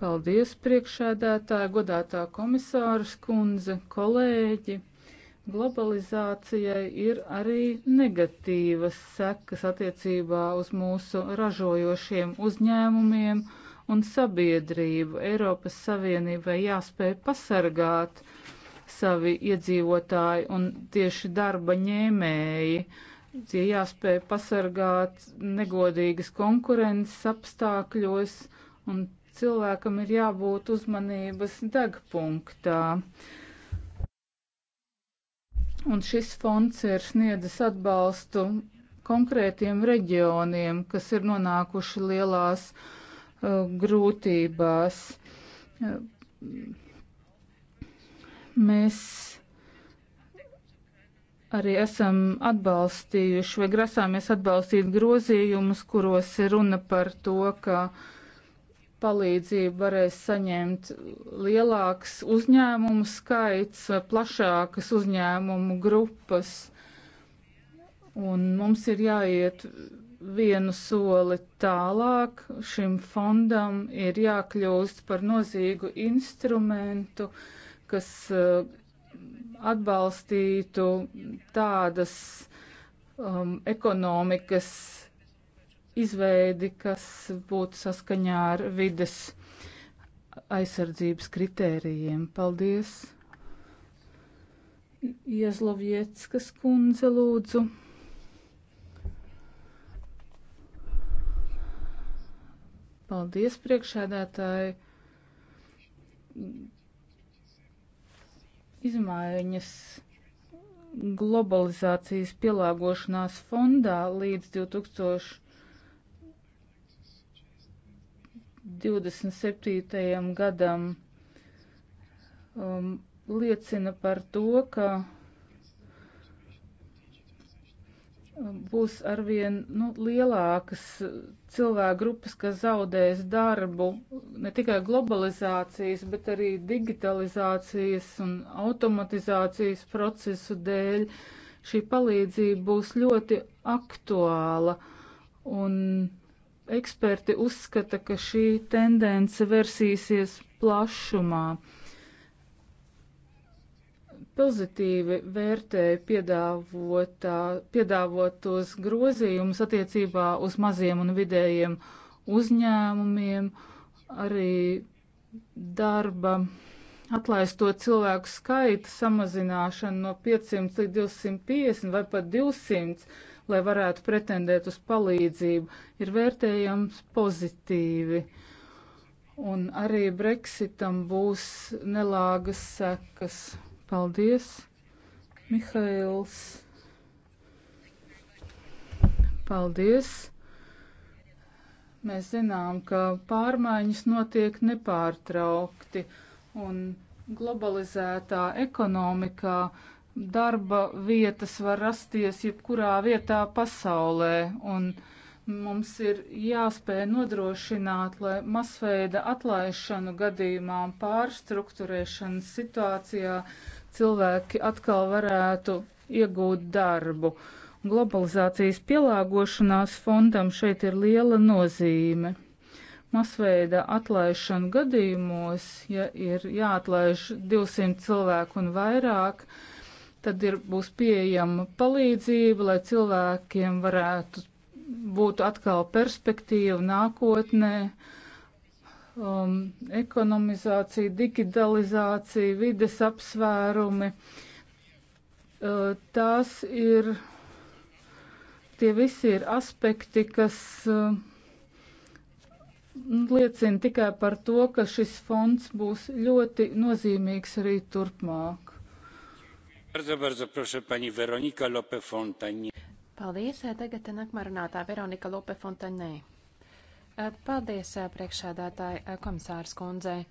Paldies, priekšēdētāja, godātā komisāras kundze, kolēģi. Globalizācijai ir arī negatīvas sekas attiecībā uz mūsu ražojošiem uzņēmumiem un sabiedrību. Eiropas Savienībai jāspēj pasargāt savi iedzīvotāji un tieši darba ņēmēji. Tie jāspēj pasargāt negodīgas konkurences apstākļos un cilvēkam ir jābūt uzmanības degpunktā. Uh, Un šis fonds ir sniedzis atbalstu konkrētiem reģioniem, kas ir nonākuši lielās uh, grūtībās. Uh, mēs arī esam atbalstījuši vai grasāmies atbalstīt grozījumus, kuros ir runa par to, ka uh, palīdzību varēs saņemt lielāks uzņēmumu skaits, plašākas uzņēmumu grupas. Un mums ir jāiet vienu soli tālāk. Šim fondam ir jākļūst par nozīgu instrumentu, kas uh, atbalstītu tādas um, ekonomikas izveidi, kas būtu saskaņā ar vides aizsardzības kritērijiem. Paldies! Iezlovieckas kundze lūdzu. Paldies, priekšēdētāji. Izmaiņas globalizācijas pielāgošanās fondā līdz 2000. 27. gadam um, liecina par to, ka um, būs arvien nu, lielākas cilvēku grupas, kas zaudēs darbu ne tikai globalizācijas, bet arī digitalizācijas un automatizācijas procesu dēļ. Šī palīdzība būs ļoti aktuāla un Eksperti uzskata, ka šī tendence versīsies plašumā pozitīvi vērtēja piedāvotos grozījumus attiecībā uz maziem un vidējiem uzņēmumiem, arī darba atlaisto cilvēku skaita samazināšanu no 500 līdz 250 vai pat 200 lai varētu pretendēt uz palīdzību, ir vērtējams pozitīvi. Un arī Brexitam būs nelāgas sekas. Paldies, Mihails. Paldies. Mēs zinām, ka pārmaiņas notiek nepārtraukti un globalizētā ekonomikā darba vietas var rasties jebkurā vietā pasaulē, un mums ir jāspēj nodrošināt, lai masveida atlaišanu gadījumā un pārstruktūrēšanas situācijā cilvēki atkal varētu iegūt darbu. Globalizācijas pielāgošanās fondam šeit ir liela nozīme. Masveida atlaišanu gadījumos, ja ir jāatlaiž 200 cilvēku un vairāk, uh, Tad ir, būs pieejama palīdzība, lai cilvēkiem varētu būt atkal perspektīva nākotnē, um, ekonomizācija, digitalizācija, vides apsvērumi. Uh, tās ir, tie visi ir aspekti, kas. Uh, liecina tikai par to, ka šis fonds būs ļoti nozīmīgs arī turpmāk. Paldies, eh, tagad nakmarunātā Veronika Lope Fontaņē. Eh, paldies, eh, priekšādātāji komisārs kundzei.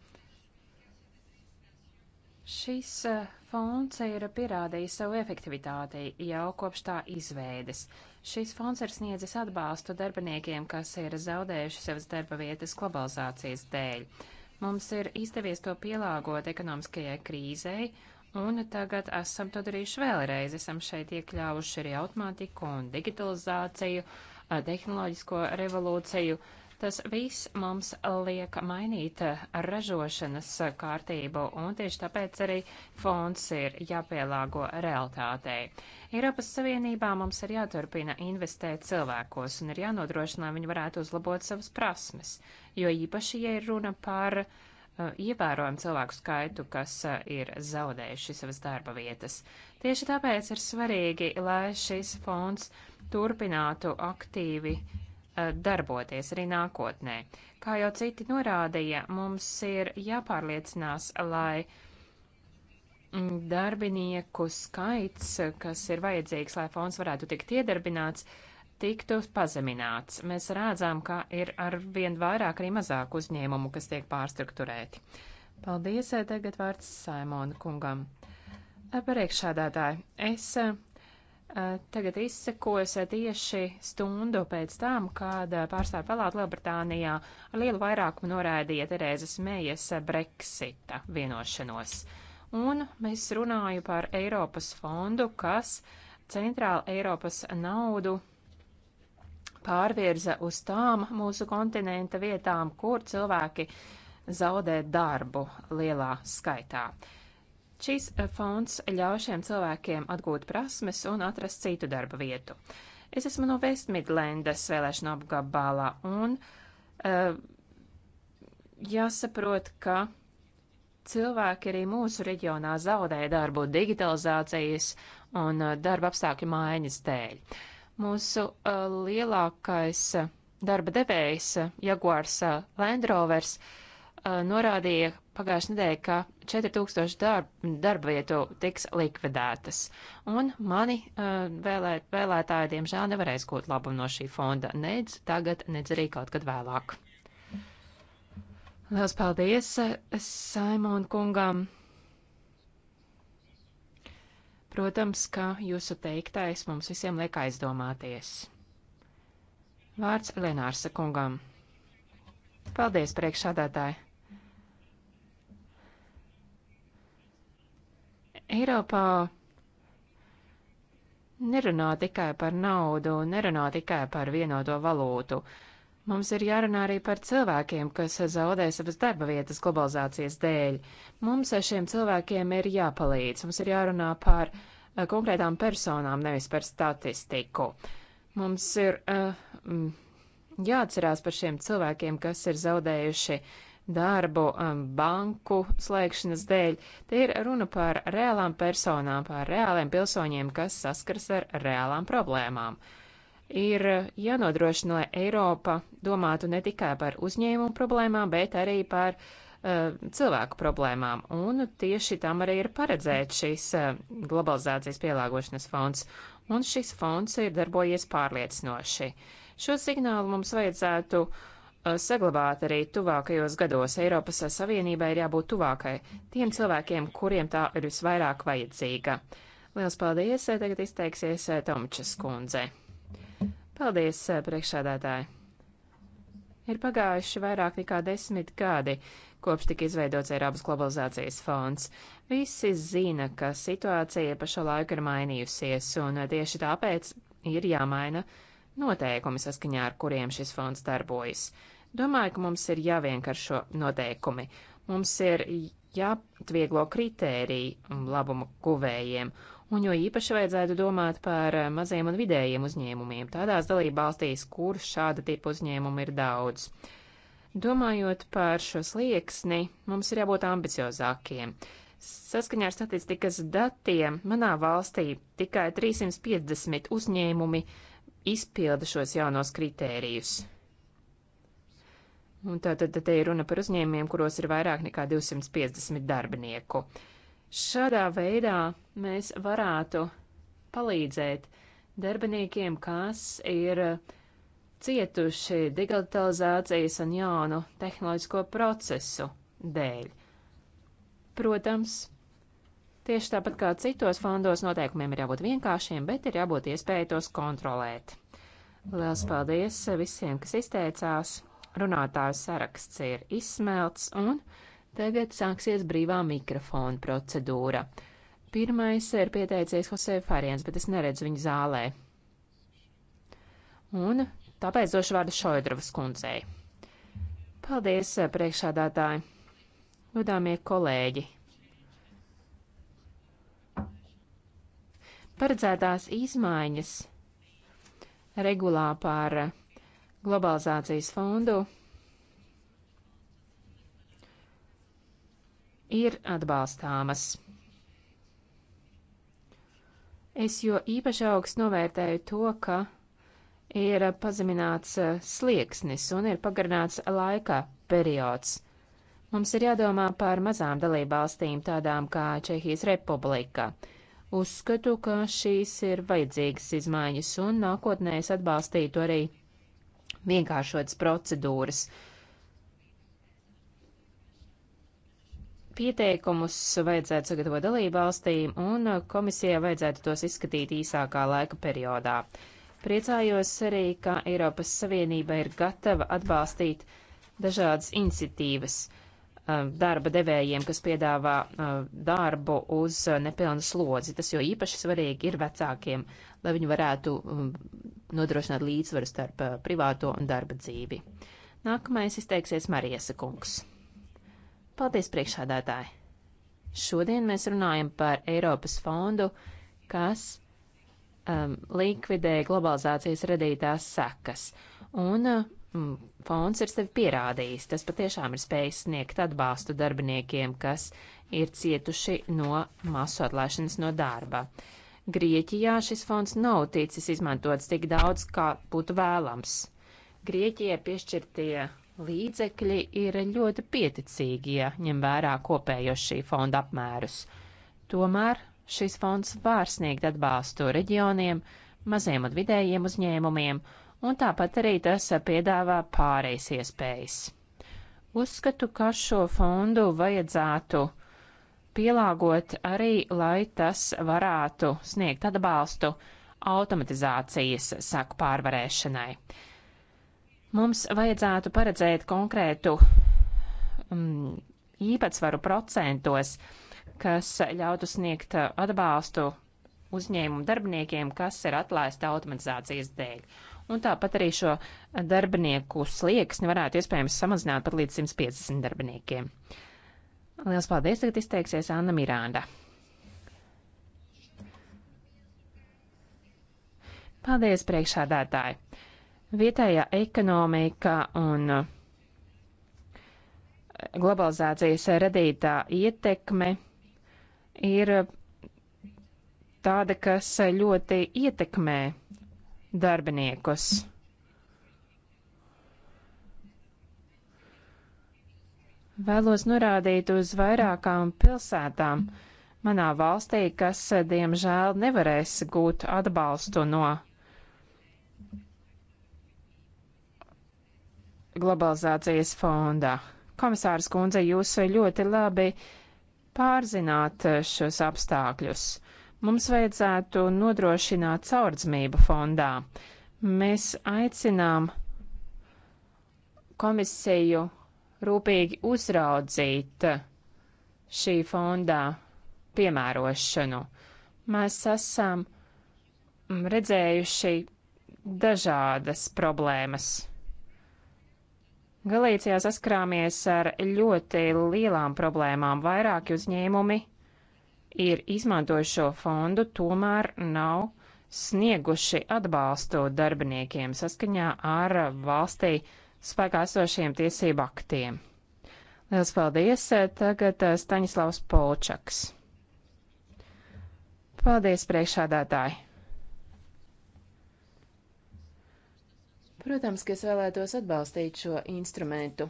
Šis fonds ir pierādījis savu efektivitāti jau kopš tā izveides. Šis fonds ir sniedzis atbalstu darbiniekiem, kas ir zaudējuši savas darba vietas globalizācijas dēļ. Mums ir izdevies to pielāgot ekonomiskajai krīzei Un tagad esam to darījuši vēlreiz. Esam šeit iekļāvuši arī automātiku un digitalizāciju, tehnoloģisko revolūciju. Tas viss mums liek mainīt ražošanas kārtību, un tieši tāpēc arī fonds ir jāpielāgo realitātei. Eiropas Savienībā mums ir jāturpina investēt cilvēkos un ir jānodrošina, lai viņi varētu uzlabot savas prasmes, jo īpaši, ja ir runa par uh, Uh, ievērojam cilvēku skaitu, kas uh, ir zaudējuši savas darba vietas. Tieši tāpēc ir svarīgi, lai šis fonds turpinātu aktīvi uh, darboties arī nākotnē. Kā jau citi norādīja, mums ir jāpārliecinās, lai mm, darbinieku skaits, kas ir vajadzīgs, lai fonds varētu tikt iedarbināts, tiktu pazemināts. Mēs redzam, ka ir ar vien vairāk arī mazāk uzņēmumu, kas tiek pārstruktūrēti. Paldies, eh, tagad vārds Saimona kungam. Eh, priekšādātāji, es eh, tagad izsekos tieši stundu pēc tam, kad pārstāvju palāta Lielbritānijā ar lielu vairākumu norādīja Terēzes Mējas Brexita vienošanos. Un mēs runāju par Eiropas fondu, kas centrāla Eiropas naudu pārvirza uz tām mūsu kontinenta vietām, kur cilvēki zaudē darbu lielā skaitā. Šis fonds ļauj šiem cilvēkiem atgūt prasmes un atrast citu darba vietu. Es esmu no Vestmidlendas vēlēšana apgabalā un uh, jāsaprot, ka cilvēki arī mūsu reģionā zaudēja darbu digitalizācijas un eh, darba apstākļu mājiņas dēļ. Uh, Mūsu uh, lielākais uh, darba devējs uh, Jaguars uh, Land Rovers norādīja pagājušajā nedēļā, ka 4000 darb, darba vietu tiks likvidētas. Un mani uh, vēlē, vēlētāji, diemžēl, nevarēs gūt labumu no šī fonda nedz tagad, nedz arī kaut kad vēlāk. Lielas paldies Saimon kungam! Protams, ka jūsu teiktais mums visiem liek aizdomāties. Vārds Lenārsa kungam. Paldies, priekšādātāji! Eiropā nerunā tikai par naudu, nerunā tikai par vienoto valūtu. Mums ir jārunā arī par cilvēkiem, kas zaudē savas darba vietas globalizācijas dēļ. Mums šiem cilvēkiem ir jāpalīdz, mums ir jārunā par eh, konkrētām personām, nevis par statistiku. Mums ir uh, jāatcerās par šiem cilvēkiem, kas ir zaudējuši darbu um, banku slēgšanas dēļ. Te ir runa par reālām personām, par reāliem pilsoņiem, kas saskars ar reālām problēmām. Uh, ir jānodrošina, lai Eiropa domātu ne tikai par uzņēmumu problēmām, bet arī par uh, cilvēku problēmām. Un tieši tam arī ir paredzēts šis uh, globalizācijas pielāgošanas fonds. Un šis fonds ir darbojies pārliecinoši. Šo signālu mums vajadzētu uh, saglabāt arī tuvākajos gados. Eiropas Savienībai ir jābūt tuvākai tiem cilvēkiem, kuriem tā ir visvairāk vajadzīga. Liels paldies! Tagad izteiksies Tomčes kundze. Paldies, eh, priekšsādātāji! Ir pagājuši vairāk nekā desmit gadi, kopš tika izveidots Eiropas globalizācijas fonds. Visi zina, ka situācija pa šo laiku ir mainījusies, un tieši tāpēc ir jāmaina noteikumi, saskaņā ar kuriem šis fonds darbojas. Domāju, ka mums ir jāvienkāršo noteikumi. Mums ir jāatvieglo kritēriji labumu guvējiem, un jo īpaši vajadzētu domāt par eh, maziem un vidējiem uzņēmumiem tādās dalībvalstīs, kur šāda tipa uzņēmumu ir daudz. Domājot par šo slieksni, mums ir jābūt ambiciozākiem. Saskaņā ar statistikas datiem manā valstī tikai 350 uzņēmumi izpilda šos jaunos kritērijus. Un tātad te ir runa par uzņēmumiem, kuros ir vairāk nekā 250 darbinieku. Uh, Šādā veidā mēs varētu palīdzēt darbiniekiem, kas ir cietuši digitalizācijas un jaunu tehnoloģisko procesu dēļ. Protams, tieši tāpat kā citos fondos noteikumiem ir jābūt vienkāršiem, bet ir jābūt iespēja tos kontrolēt. Liels paldies visiem, kas izteicās. Runātājs saraksts ir izsmelts un Tagad sāksies brīvā mikrofona procedūra. Pirmais ir pieteicies Hosē Fariens, bet es neredzu viņu zālē. Un tāpēc došu vārdu Šoidrovas kundzei. Paldies, priekšādātāji! Godāmie kolēģi! Paredzētās izmaiņas regulā par globalizācijas fondu ir atbalstāmas. Es jo īpaši augstu novērtēju to, ka ir pazemināts eh, slieksnis un ir pagarināts laika periods. Mums ir jādomā par mazām dalībvalstīm, tādām kā Čehijas Republika. Uzskatu, ka šīs ir vajadzīgas izmaiņas, un nākotnē es atbalstītu arī vienkāršotas procedūras, uh, Pieteikumus vajadzētu sagatavot dalībvalstīm, un komisijai vajadzētu tos izskatīt īsākā laika periodā. Priecājos arī, ka Eiropas Savienība ir gatava atbalstīt dažādas iniciatīvas um, darba devējiem, kas piedāvā um, darbu uz uh, nepilnu slodzi. Tas jo īpaši svarīgi ir vecākiem, lai viņi varētu um, nodrošināt līdzsvaru starp uh, privāto un darba dzīvi. Nākamais izteiksies Marijas kungs. Paldies, priekšādātāji! Šodien mēs runājam par Eiropas fondu, kas um, likvidē globalizācijas radītās sekas. Un um, fonds ir sevi pierādījis. Tas patiešām ir spējis sniegt atbalstu darbiniekiem, kas ir cietuši no masu atlaišanas no darba. Grieķijā šis fonds nav ticis izmantots tik daudz, kā būtu vēlams. Grieķijai piešķirtie līdzekļi ir ļoti pieticīgi, ja ņem vērā kopējo šī fonda apmērus. Tomēr šis fonds var sniegt atbalstu reģioniem, maziem un vidējiem uzņēmumiem, un tāpat arī tas piedāvā pārejas iespējas. Uzskatu, ka šo fondu vajadzētu pielāgot arī, lai tas varētu sniegt atbalstu automatizācijas saku pārvarēšanai. Mums vajadzētu paredzēt konkrētu um, īpatsvaru procentos, kas ļautu sniegt atbalstu uzņēmumu darbiniekiem, kas ir atlaisti automatizācijas dēļ. Un tāpat arī šo darbinieku slieksni varētu iespējams samazināt pat līdz 150 darbiniekiem. Lielas paldies, tagad izteiksies Anna Miranda. Paldies, priekšādātāji! Vietējā ekonomika un eh, globalizācijas radītā ietekme ir tāda, kas ļoti ietekmē darbiniekus. Vēlos norādīt uz vairākām pilsētām manā valstī, kas, diemžēl, nevarēs gūt atbalstu no globalizācijas fondā. Komisārs kundze, jūs ļoti labi pārzināt eh, šos apstākļus. Mums vajadzētu nodrošināt caurdzmību fondā. Mēs aicinām komisiju rūpīgi uzraudzīt eh, šī fondā piemērošanu. Mēs esam mm, redzējuši dažādas problēmas. Galīcijā saskrāmies ar ļoti lielām problēmām. Vairāki uzņēmumi ir izmantojuši šo fondu, tomēr nav snieguši atbalstu darbiniekiem saskaņā ar valstī spēkā esošiem tiesību aktiem. Lielas paldies! Tagad eh, Staņislavs Polčaks. Paldies, priekšādātāji! Protams, ka es vēlētos atbalstīt šo instrumentu.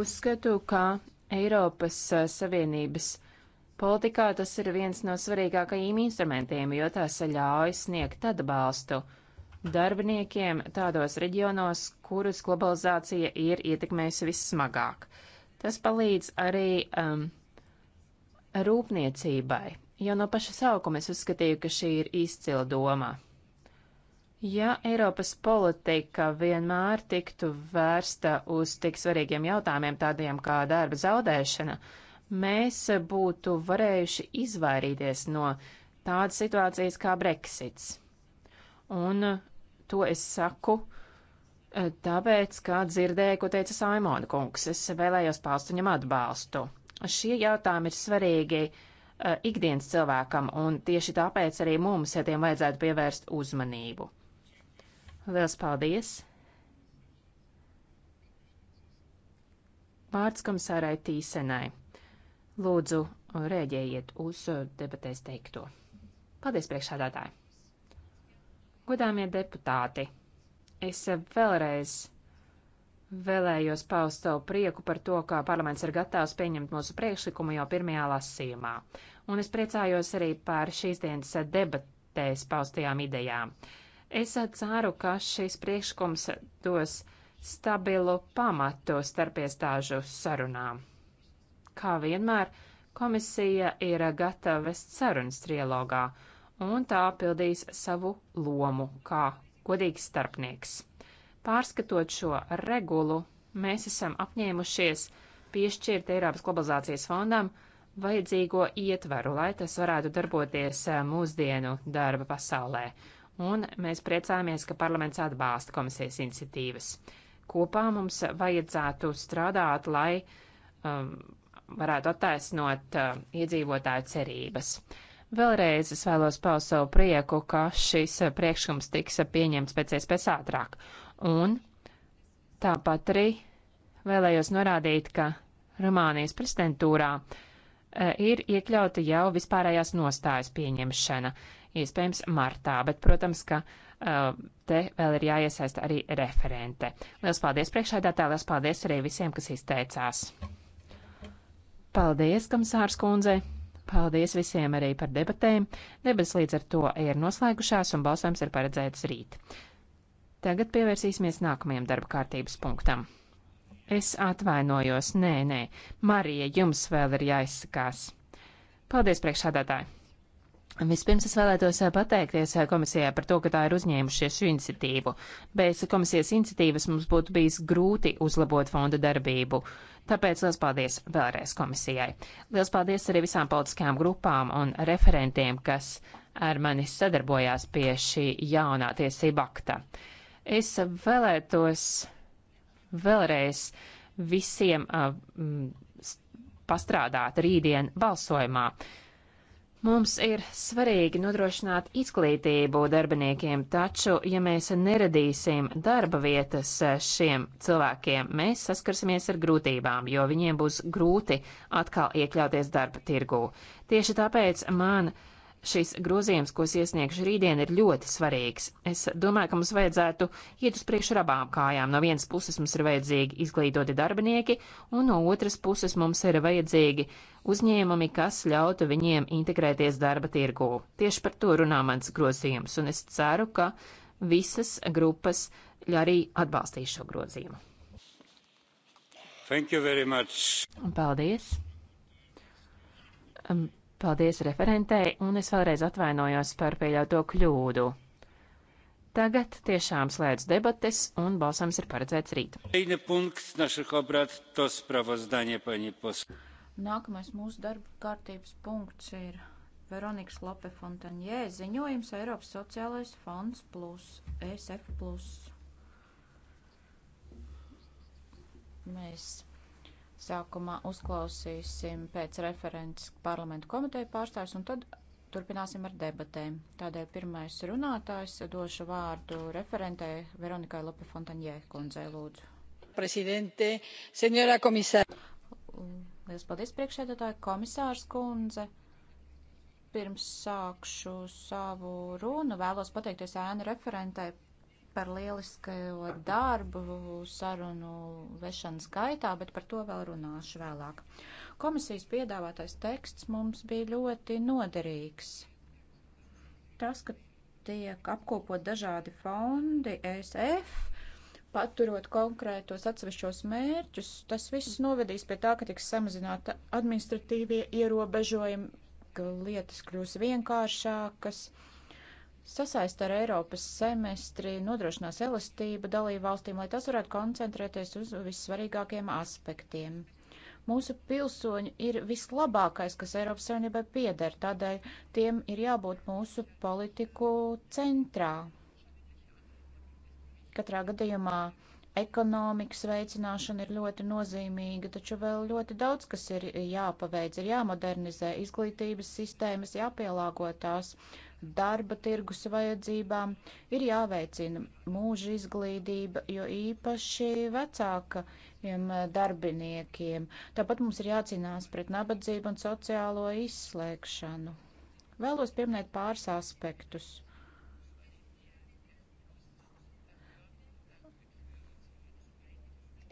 Uzskatu, ka Eiropas eh, Savienības politikā tas ir viens no svarīgākajiem instrumentiem, jo tās ļauj sniegt atbalstu darbiniekiem tādos reģionos, kurus globalizācija ir ietekmējusi vissmagāk. Tas palīdz arī um, rūpniecībai, Jau no paša sākuma es uzskatīju, ka šī ir izcila doma. Ja Eiropas politika vienmēr tiktu vērsta uz tik svarīgiem jautājumiem, tādiem kā darba zaudēšana, mēs būtu varējuši izvairīties no tādas situācijas kā Brexits. Un to es saku e, tāpēc, kā dzirdēju, ko teica Saimona kungs, es vēlējos paust viņam atbalstu. Šie jautājumi ir svarīgi Eh, ikdienas cilvēkam, un tieši tāpēc arī mums ja tiem vajadzētu pievērst uzmanību. Liels paldies! Vārds komisārai Tīsenai. Lūdzu, rēģējiet uz eh, debatēs teikto. Paldies, priekšādātāji! Godāmie deputāti! Es eh, vēlreiz Vēlējos paust savu prieku par to, ka parlaments ir gatavs pieņemt mūsu priekšlikumu jau pirmajā lasījumā. Un es priecājos arī par šīs dienas debatēs paustajām idejām. Es ceru, ka šis priekšlikums dos stabilu pamatu starpiestāžu sarunām. Kā vienmēr, komisija ir gatava vest sarunas trilogā, un tā pildīs savu lomu kā godīgs starpnieks. Pārskatot šo regulu, mēs esam apņēmušies piešķirt Eiropas globalizācijas fondam vajadzīgo ietvaru, lai tas varētu darboties eh, mūsdienu darba pasaulē. Un mēs priecājamies, ka parlaments atbalsta komisijas iniciatīvas. Kopā mums vajadzētu strādāt, lai um, varētu attaisnot uh, iedzīvotāju cerības. Vēlreiz es vēlos paust savu prieku, ka šis eh, priekšlikums tiks pieņemts pēc iespējas ātrāk, Un tāpat arī vēlējos norādīt, ka Rumānijas prezidentūrā e, ir iekļauta jau vispārējās nostājas pieņemšana, iespējams, martā, bet, protams, ka e, te vēl ir jāiesaista arī referente. Lielas paldies priekšādātā, lielas paldies arī visiem, kas izteicās. Paldies, komisārs kundze! Paldies visiem arī par debatēm. Debes līdz ar to ir noslēgušās un balsojums ir paredzēts rīt. Tagad pievērsīsimies nākamajam darba kārtības punktam. Es atvainojos, nē, nē, Marija, jums vēl ir jāizsakās. Paldies, priekšādātāji! Vispirms es vēlētos pateikties komisijai par to, ka tā ir uzņēmušies šo iniciatīvu. Bez komisijas iniciatīvas mums būtu bijis grūti uzlabot fonda darbību. Tāpēc liels paldies vēlreiz komisijai. Liels paldies arī visām politiskajām grupām un referentiem, kas ar mani sadarbojās pie šī jaunā tiesība akta. Es vēlētos vēlreiz visiem pastrādāt rītdien balsojumā. Mums ir svarīgi nodrošināt izglītību darbiniekiem, taču, ja mēs neradīsim darba vietas šiem cilvēkiem, mēs saskarsimies ar grūtībām, jo viņiem būs grūti atkal iekļauties darba tirgū. Tieši tāpēc man uh, Šis grozījums, ko es iesniegšu rītdien, ir ļoti svarīgs. Es domāju, ka mums vajadzētu iet uz priekšu ar abām kājām. No vienas puses mums ir vajadzīgi izglītoti darbinieki, un no otras puses mums ir vajadzīgi uzņēmumi, kas ļautu viņiem integrēties darba tirgū. Tieši par to runā mans grozījums, un es ceru, ka visas grupas arī atbalstīs šo grozījumu. Paldies! Um, Paldies referentei, un es vēlreiz atvainojos par pieļauto kļūdu. Tagad tiešām slēdz debates, un balsams ir paredzēts rīt. Nākamais mūsu darba kārtības punkts ir Veronikas Lope Fontanjē ziņojums Eiropas sociālais fonds plus ESF plus. Mēs Sākumā uzklausīsim pēc referents parlamentu komiteju pārstāvis un tad turpināsim ar debatēm. Tādēļ pirmais runātājs došu vārdu referentē Veronikai Lope Fontaņē kundzē lūdzu. Presidente, senjora komisāra. Liels paldies priekšēdētāji komisārs kundze pirms sākšu savu runu, vēlos pateikties ēnu referentai par lielisko darbu sarunu vešanas gaitā, bet par to vēl runāšu vēlāk. Komisijas piedāvātais teksts mums bija ļoti noderīgs. Tas, ka tiek apkopot dažādi fondi, e SF, paturot konkrētos atsevišķos mērķus, tas viss novedīs pie tā, ka tiks samazināta administratīvie ierobežojumi, ka lietas kļūs vienkāršākas. Ka sasaist ar Eiropas semestri, nodrošinās elastību dalību valstīm, lai tas varētu koncentrēties uz vissvarīgākiem aspektiem. Mūsu pilsoņi ir vislabākais, kas Eiropas Savienībai pieder, tādēļ tiem ir jābūt mūsu politiku centrā. Katrā gadījumā ekonomikas veicināšana ir ļoti nozīmīga, taču vēl ļoti daudz, kas ir jāpaveic, ir jāmodernizē izglītības sistēmas, jāpielāgo tās darba tirgus vajadzībām, ir jāveicina mūža izglītība, jo īpaši vecākiem darbiniekiem. Tāpat mums ir jācīnās pret nabadzību un sociālo izslēgšanu. Vēlos pieminēt pāris aspektus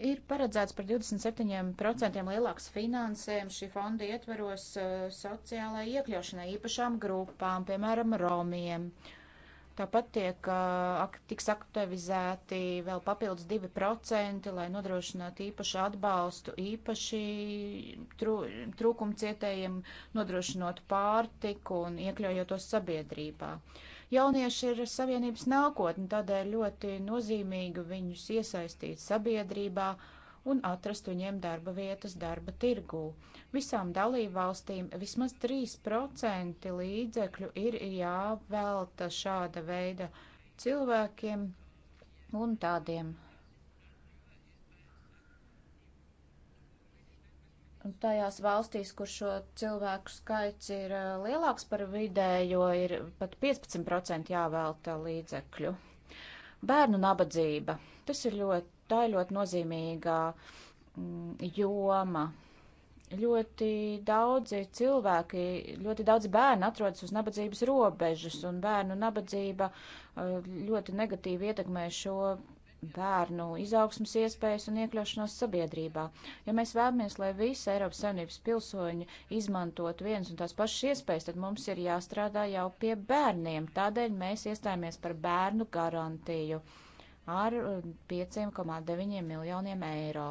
Ir paredzēts par 27% lielāks finansējums šī fonda ietveros uh, sociālai iekļaušanai īpašām grupām, piemēram, romiem. Tāpat tiek, uh, tiks aktivizēti vēl papildus 2%, lai nodrošinātu īpašu atbalstu īpaši trū, trūkumcietējiem, nodrošinot pārtiku un iekļaujot tos sabiedrībā. Jaunieši ir savienības nākotne, tādēļ ļoti nozīmīgi viņus iesaistīt sabiedrībā un atrast viņiem darba vietas darba tirgū. Visām dalībvalstīm vismaz 3% līdzekļu ir jāvelta šāda veida cilvēkiem un tādiem tajās valstīs, kur šo cilvēku skaits ir eh, lielāks par vidējo, ir pat 15% jāvēlta līdzekļu. Bērnu nabadzība. Tas ir ļoti, tā ir ļoti nozīmīga mm, joma. Ļoti daudzi cilvēki, ļoti daudz bērnu atrodas uz nabadzības robežas, un bērnu nabadzība eh, ļoti negatīvi ietekmē šo bērnu izaugsmas iespējas un iekļaušanos sabiedrībā. Ja mēs vēlamies, lai visi Eiropas Savienības pilsoņi izmantot viens un tās pašas iespējas, tad mums ir jāstrādā jau pie bērniem. Tādēļ mēs iestājāmies par bērnu garantiju ar 5,9 um, miljoniem eiro.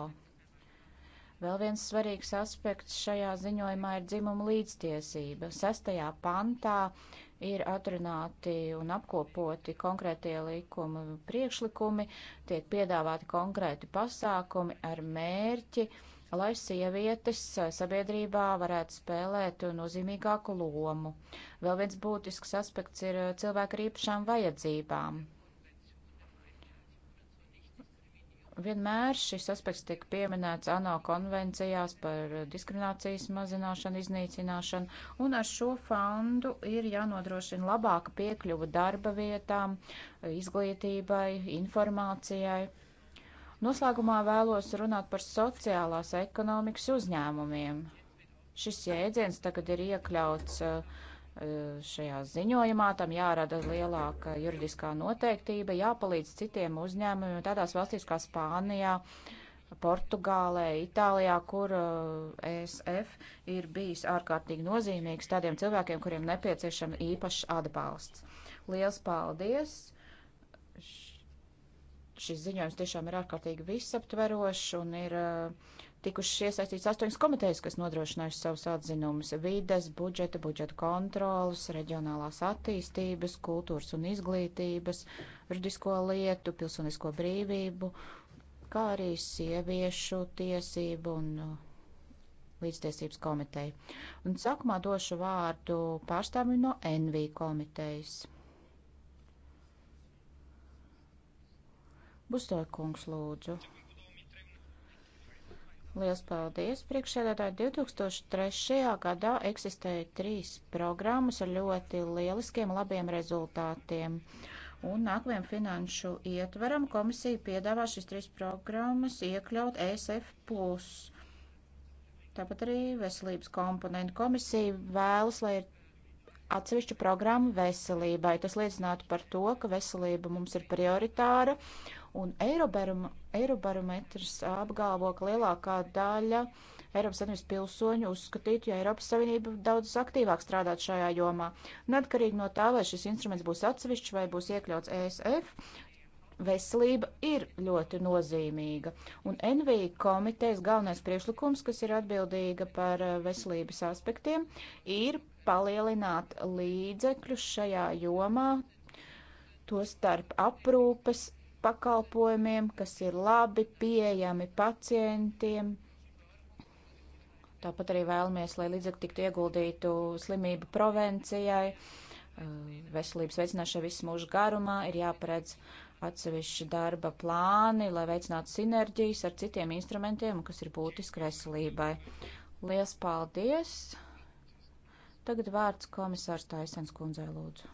Vēl viens svarīgs aspekts šajā ziņojumā ir dzimuma līdztiesība. Sestajā pantā ir atrunāti un apkopoti konkrētie likuma priekšlikumi, tiek piedāvāti konkrēti pasākumi ar mērķi, lai sievietes sabiedrībā varētu spēlēt nozīmīgāku lomu. Vēl viens būtisks aspekts ir cilvēku īpašām vajadzībām. Vienmēr šis aspekts tiek pieminēts ANO konvencijās par diskriminācijas mazināšanu, iznīcināšanu, un ar šo fondu ir jānodrošina labāka piekļuva darba vietām, izglītībai, informācijai. Noslēgumā vēlos runāt par sociālās ekonomikas uzņēmumiem. Šis jēdziens tagad ir iekļauts uh, E, šajā ziņojumā, tam jārada lielāka juridiskā noteiktība, jāpalīdz citiem uzņēmumiem tādās valstīs kā Spānijā, Portugālē, Itālijā, kur ESF e ir bijis ārkārtīgi nozīmīgs tādiem cilvēkiem, kuriem nepieciešama īpašs atbalsts. Liels paldies! Šis ziņojums tiešām ir ārkārtīgi visaptverošs un ir uh, tikušas iesaistīts astoņas komitejas, kas nodrošinājuši savus atzinumus - vides, budžeta, budžeta kontrolas, reģionālās attīstības, kultūras un izglītības, juridisko lietu, pilsonisko brīvību, kā arī sieviešu tiesību un uh, līdztiesības komiteju. Un sākumā došu vārdu pārstāvju no NV komitejas. Bustoja kungs lūdzu. Liels paldies, priekšsēdētāji. 2003. gadā eksistēja trīs programmas ar ļoti lieliskiem, labiem rezultātiem. Un nākamajam finanšu ietveram komisija piedāvā šīs trīs programmas iekļaut ESF. Tāpat arī veselības komponentu komisija vēlas, lai ir atsevišķu programmu veselībai. Tas liecinātu par to, ka veselība mums ir prioritāra Un Eirobarometrs apgalvo, ka lielākā daļa Eiropas Savienības pilsoņu uzskatītu, ja Eiropas Savienība daudz aktīvāk strādāt šajā jomā. Neatkarīgi no tā, vai šis instruments būs atsevišķs vai būs iekļauts ESF, veselība ir ļoti nozīmīga. Un NV komitejas galvenais priekšlikums, kas ir atbildīga par eh, veselības aspektiem, ir palielināt līdzekļus šajā jomā, to starp aprūpes pakalpojumiem, kas ir labi pieejami pacientiem. Tāpat arī vēlamies, lai līdzekļi tiktu ieguldītu slimību prevencijai, eh, veselības veicināšanai visu mūžu garumā, ir jāparedz atsevišķi darba plāni, lai veicinātu sinerģijas ar citiem instrumentiem, kas ir būtiski veselībai. Lielas paldies! Tagad vārds komisārs Taisens kundzei lūdzu.